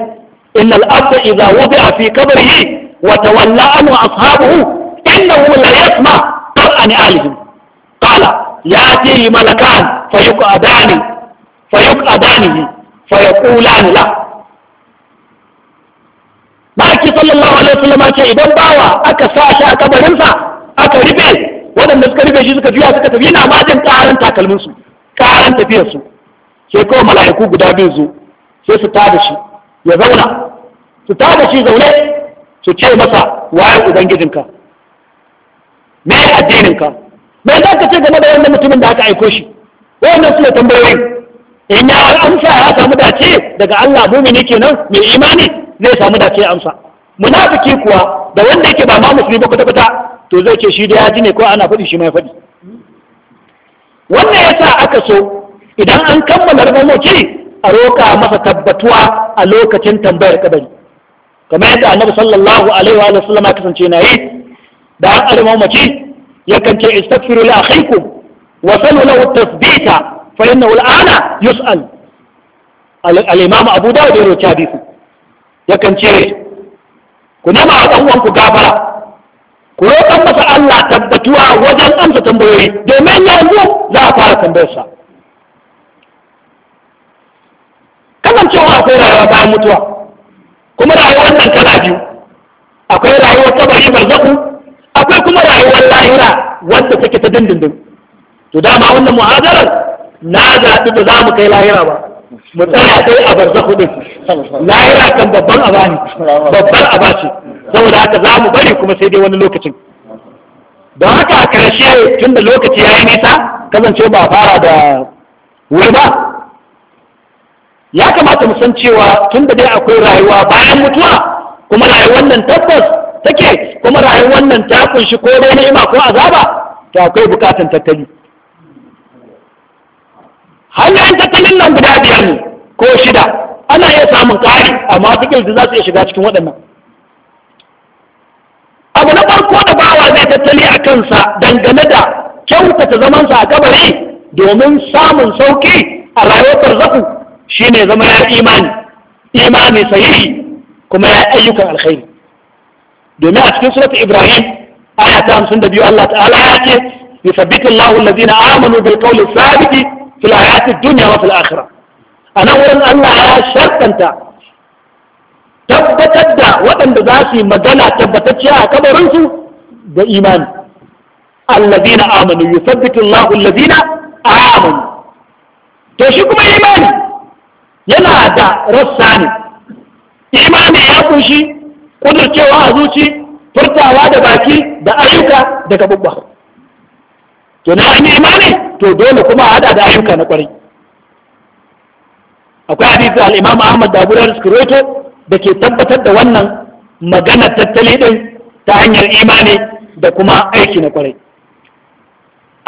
إن الأب إذا وضع في قبره وتولى أنه أصحابه إنه لا يسمع قرآن آلهم قال ياتي ملكان فيقعداني فيقعدانه فيقولان له ما يكي صلى الله عليه وسلم ما يكي إذا أكا ساشا أكا برنسا أكا ربيل waɗanda suka rufe shi suka juya suka tafi yana majin ƙaran takalminsu ƙaran tafiyarsu sai kawai mala'iku guda biyu zo sai su tada shi ya zauna su tada shi zaune su ce masa waye ubangijinka me addininka me za ka ce game da wannan mutumin da aka aiko shi wannan su ne tambayoyin in ya amsa ya samu dace daga Allah mumini kenan mai imani zai samu dace amsa munafiki kuwa da wanda yake ba ma musulmi ba kwata-kwata to zai ce shi da ya ji ne ko ana faɗi shi mai faɗi wannan yasa aka so idan an kammala rubumoki a roƙa masa tabbatuwa a lokacin tambayar kabari kamar yadda annabi sallallahu alaihi wa kasance na yi da an almamaci yakan ce istaghfiru li akhikum wa salu lahu tathbita fa innahu al'ana yus'al al-imam abu dawud ya rawaita hadisi yakan ce ku nema a ɗan uwanku gafara ku roƙan masa Allah tabbatuwa wajen amsa tambayoyi domin yanzu za a fara tambayarsa cewa akwai rayuwa bayan mutuwa kuma rayuwar nan kala biyu akwai rayuwar kabari barzaku akwai kuma rayuwar lahira wanda take ta dindindin to dama wannan mu'azarar na zaɓi ba za mu kai lahira ba mu tsaya dai a barzaku din lahira kan babban aba ne aba ce saboda haka za mu bari kuma sai dai wani lokacin don haka a karshe tun da lokaci ya yi nisa kasance ba fara da wuri ba ya kamata mu san cewa tun da dai akwai rayuwa bayan mutuwa kuma rayuwar nan tabbas take kuma rayuwar nan ta kunshi ko dai ima ko azaba to akwai bukatan tattali hanyoyin tattalin nan guda biyar ne ko shida ana iya samun ƙari amma wataƙila za su iya shiga cikin waɗannan abu na farko da bawa zai tattali a kansa dangane da kyautata zamansa a kabari domin samun sauki a rayuwar zaku shine zama ya imani imani sahihi kuma ya ayyukan alkhairi domin a cikin surat ibrahim aya ta 52 Allah ta'ala ya ce yuthabbitu Allahu allazina amanu bil qawli thabiti fil hayati dunya wa fil akhirah a nan wurin Allah ya shartanta tabbatar da waɗanda za su yi magana tabbatacciya a kabarinsu da imani allazina amanu yusabbitu Allahu allazina amanu to shi kuma imani yana da rassa ne imani ya kunshi kudurcewa a zuci furtawa da baki da ayyuka da gabubba to na imani to dole kuma hada da ayyuka na kwarai akwai hadisi al-imam ahmad da abu dawud skiroto da ke tabbatar da wannan magana tattali din ta hanyar imani da kuma aiki na kwarai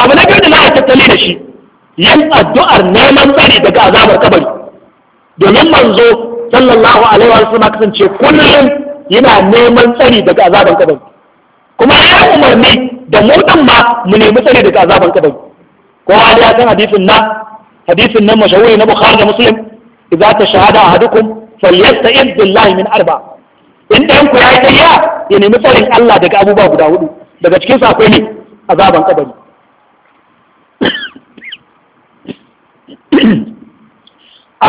abu na biyu da na a tattali da shi yin addu'ar neman tsari daga azabar kabari domin manzo sallallahu alaihi wa sallam kasance kullum yana neman tsari daga azaban kabari kuma ya umarni da dan ma mu nemi tsari daga azaban kabari kowa da ya hadisin na hadisin nan mashahuri na bukhari da muslim Za ta shahada ahadukum falyasta'id billahi min arba in dan ku yi tayya ya nemi tsarin Allah daga abubuwa guda hudu daga cikin sa akwai ne azaban kabari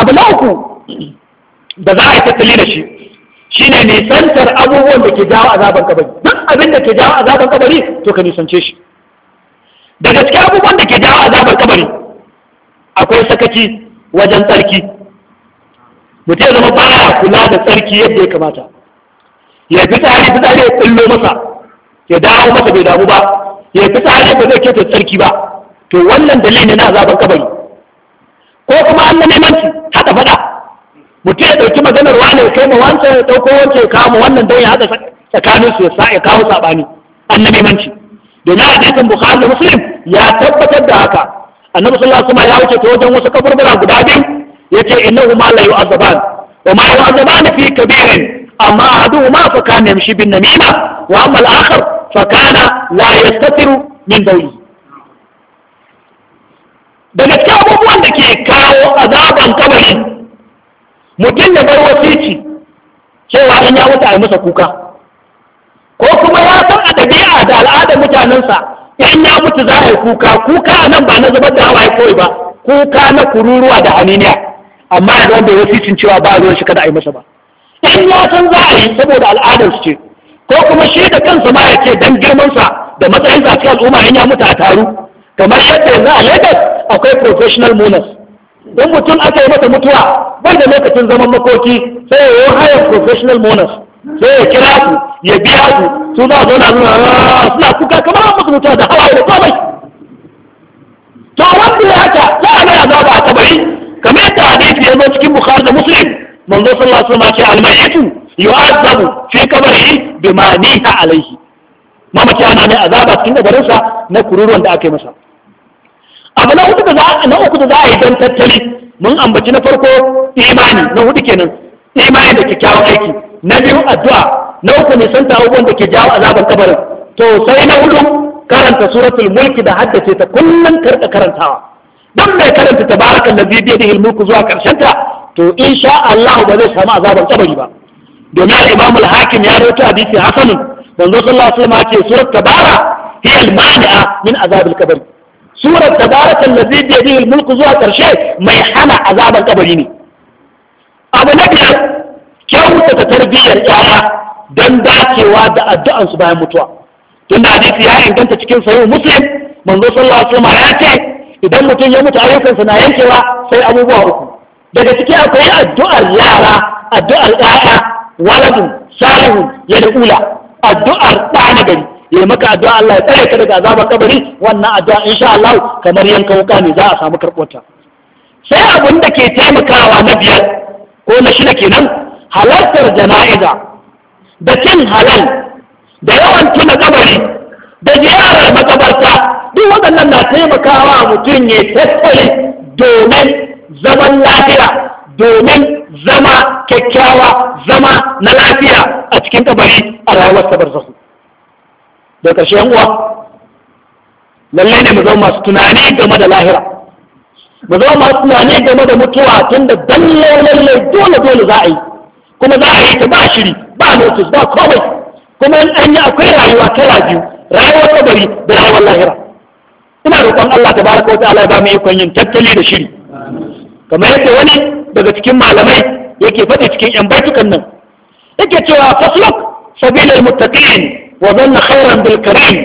abu da za a yi tattali da shi shine nisantar abubuwan da ke jawo azaban kabari duk abin ke jawo azaban kabari to ka nisance shi abubuwan da ke jawo akwai sakaki wajen tsarki mutum zama ba ya kula da tsarki yadda ya kamata ya fi tsari fi ya tsillo masa ya dawo masa bai damu ba ya fi tsari ba zai kyautar tsarki ba to wannan dalili na zaben kabari ko kuma an na ki haɗa faɗa mutum ya ɗauki maganar wani ya kai ma wancan ya ɗauko wancan ya kawo wannan don ya haɗa tsakanin su ya kawo saɓani an na Da domin hadisin bukhari da muslim ya tabbatar da haka annabi sallallahu alaihi wasallam ya wuce ta wajen wasu kaburbura guda biyu yace layu la yu'azaban wa ma yu'azaban fi kabirin amma ma fa kana yamshi bin namima wa amma al-akhar fa kana la yastatiru min dawli daga cikin abubuwan da ke kawo azaban kabari mutum da bar wasici cewa in ya wuta a masa kuka ko kuma ya san a ɗabi'a da al'adar mutanensa in ya mutu za a yi kuka kuka nan ba na zubar da ya kawai ba kuka na kururuwa da haniniya amma da wanda ya fi cewa ba ruwan shi kada a yi masa ba in ya san za a yi saboda al'adar su ce ko kuma shi da kansa ma ya ce girman girmansa da matsayin sa cikin al'umma in ya mutu a taru kamar yadda yanzu a Lagos akwai professional mourners don mutum aka yi mata mutuwa bai da lokacin zaman makoki sai ya yi hayar professional mourners sai ya kira su ya biya su su za zo na nuna ah, suna kuka kamar an musu mutuwa da hawaye da komai to wanda ya haka za a mai azaba a tabari kamar yadda hadisi ya zo cikin bukhari da muslim manzo sallallahu alaihi wasallam ce almayyatu yu'azzabu fi qabrihi bima niha alaihi mamaci ana mai azaba cikin sa na kururuwan da aka yi masa abu na da za na uku da za a yi don tattali mun ambaci na farko imani na hudu kenan imani da kyakkyawan aiki na biyu addu'a na uku ne santa abubuwan da ke jawo azaban kabarin to sai na hudu karanta suratul mulki da haddace ta kullum karka karantawa don mai karanta tabarakan da zai da ilmuku zuwa karshenta to sha Allah ba zai samu azabar kabari ba domin al hakim ya rawaito hadisi hasanun manzo sallallahu alaihi wasallam ke surat tabara hiya al min azab al-qabr surat tabarakan da zai da ilmuku zuwa karshe mai hana azaban kabari ne abu na biyar ta tarbiyyar yaya don dacewa da addu'ansu bayan mutuwa Tunda da hadisi ya inganta cikin sahih muslim manzo sallallahu alaihi wasallam ya ce idan mutum ya mutu ayyukansa na yankewa sai abubuwa uku daga ciki akwai addu'ar yara addu'ar ɗaya waladu salihun ya da ula addu'ar ɗa na gari ya maka addu'a Allah ya tsare ka daga azabar kabari wannan addu'a insha Allah kamar yanka wuka ne za a samu karɓota sai abin da ke taimakawa na biyar ko na shida kenan halartar jana'iza da cin halal da yawan tuna kabari da ziyarar makabarta duk waɗannan na taimakawa mutum ya tattali domin zaman lafiya domin zama kyakkyawa zama na lafiya a cikin kabari a rayuwar sabar zahu da ƙarshe uwa lallai ne mu zama masu tunani game da lahira mu zama masu tunani game da mutuwa tun da dalle lallai dole dole za a yi kuma za a yi ta ba shiri ba notice ba komai kuma in an yi akwai rayuwa ta biyu rayuwar kabari da rayuwar lahira ina roƙon Allah ta baraka wata Allah ya ba mu ikon yin tattali da shiri kamar yadda wani daga cikin malamai yake faɗi cikin yan baitukan nan yake cewa fasluk sabilal muttaqin wa dhanna khairan bil karim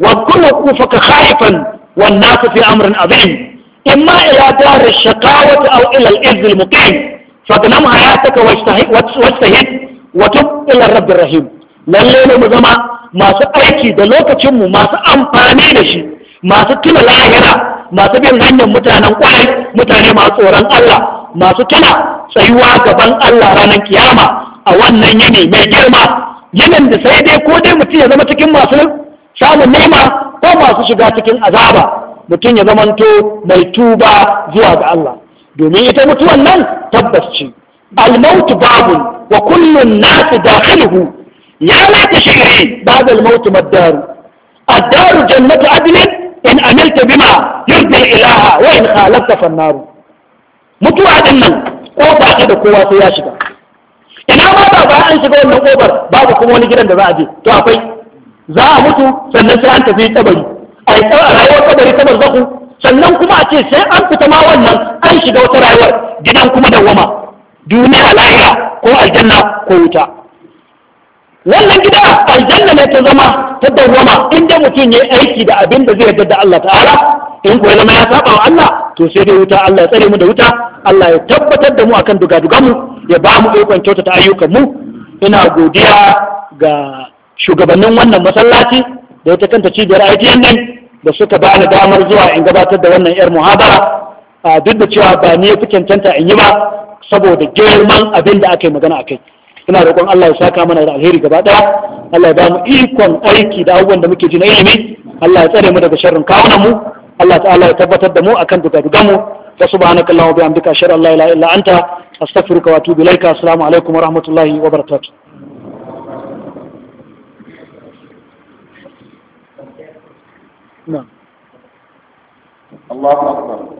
wa kullu kufaka khaifan والناس في أمر عظيم إما إلى دار الشقاوة أو إلى الإذ المقيم فاغنم حياتك واجتهد وتب إلى الرب الرحيم لليل مزما ما سأيكي دلوكة شمو ما سأمفاني لشي masu tuna lahira masu bin hanyar mutanen kwarai mutane masu tsoron Allah masu tuna tsayuwa gaban Allah ranar kiyama a wannan yanayi mai girma yanin da sai dai ko dai mutum ya zama cikin masu samun nema ko masu shiga cikin azaba mutum ya zamanto mai tuba zuwa ga Allah domin ita mutuwan nan tabbas ce almautu babu wa kullun nasu dakhiluhu ya la tashri babu almautu maddaru addaru jannatu adlin in amilta bima yurdi ilaha wa in khalafta fannaru mutuwa din nan kofa da kowa sai ya shiga ina ma ba ba an shiga wannan kofar babu kuma wani gidan da za a je to akwai za a mutu sannan sai an tafi tabari a yi rayuwar tabari tabar zaku sannan kuma a ce sai an fita ma wannan an shiga wata rayuwar gidan kuma dawwama duniya lahira ko aljanna ko wuta wannan gida aljanna ne ta zama ta dawwama in da mutum ya aiki da abin da zai yarda da Allah ta'ala in kuwa zama ya saba wa Allah to sai dai wuta Allah ya tsare mu da wuta Allah ya tabbatar da mu akan duga dugan mu ya ba mu ikon kyautata ayyukan mu ina godiya ga shugabannin wannan masallaci da ita kanta cibiyar ITN nan da suka ba ni damar zuwa in gabatar da wannan yar muhabara duk da cewa ba ni ya fi cancanta in yi ba saboda girman abin da aka yi magana a kai ina roƙon Allah ya saka mana da alheri gaba ɗaya Allah ya ba mu ikon aiki da abubuwan da muke ji na ilimi Allah ya tsare mu daga sharrin kawunan mu Allah ta'ala ya tabbatar da mu akan duka mu wa subhanaka allahumma wa bihamdika ashhadu an la ilaha illa anta astaghfiruka wa atubu ilaika assalamu alaikum wa rahmatullahi wa barakatuh الله أكبر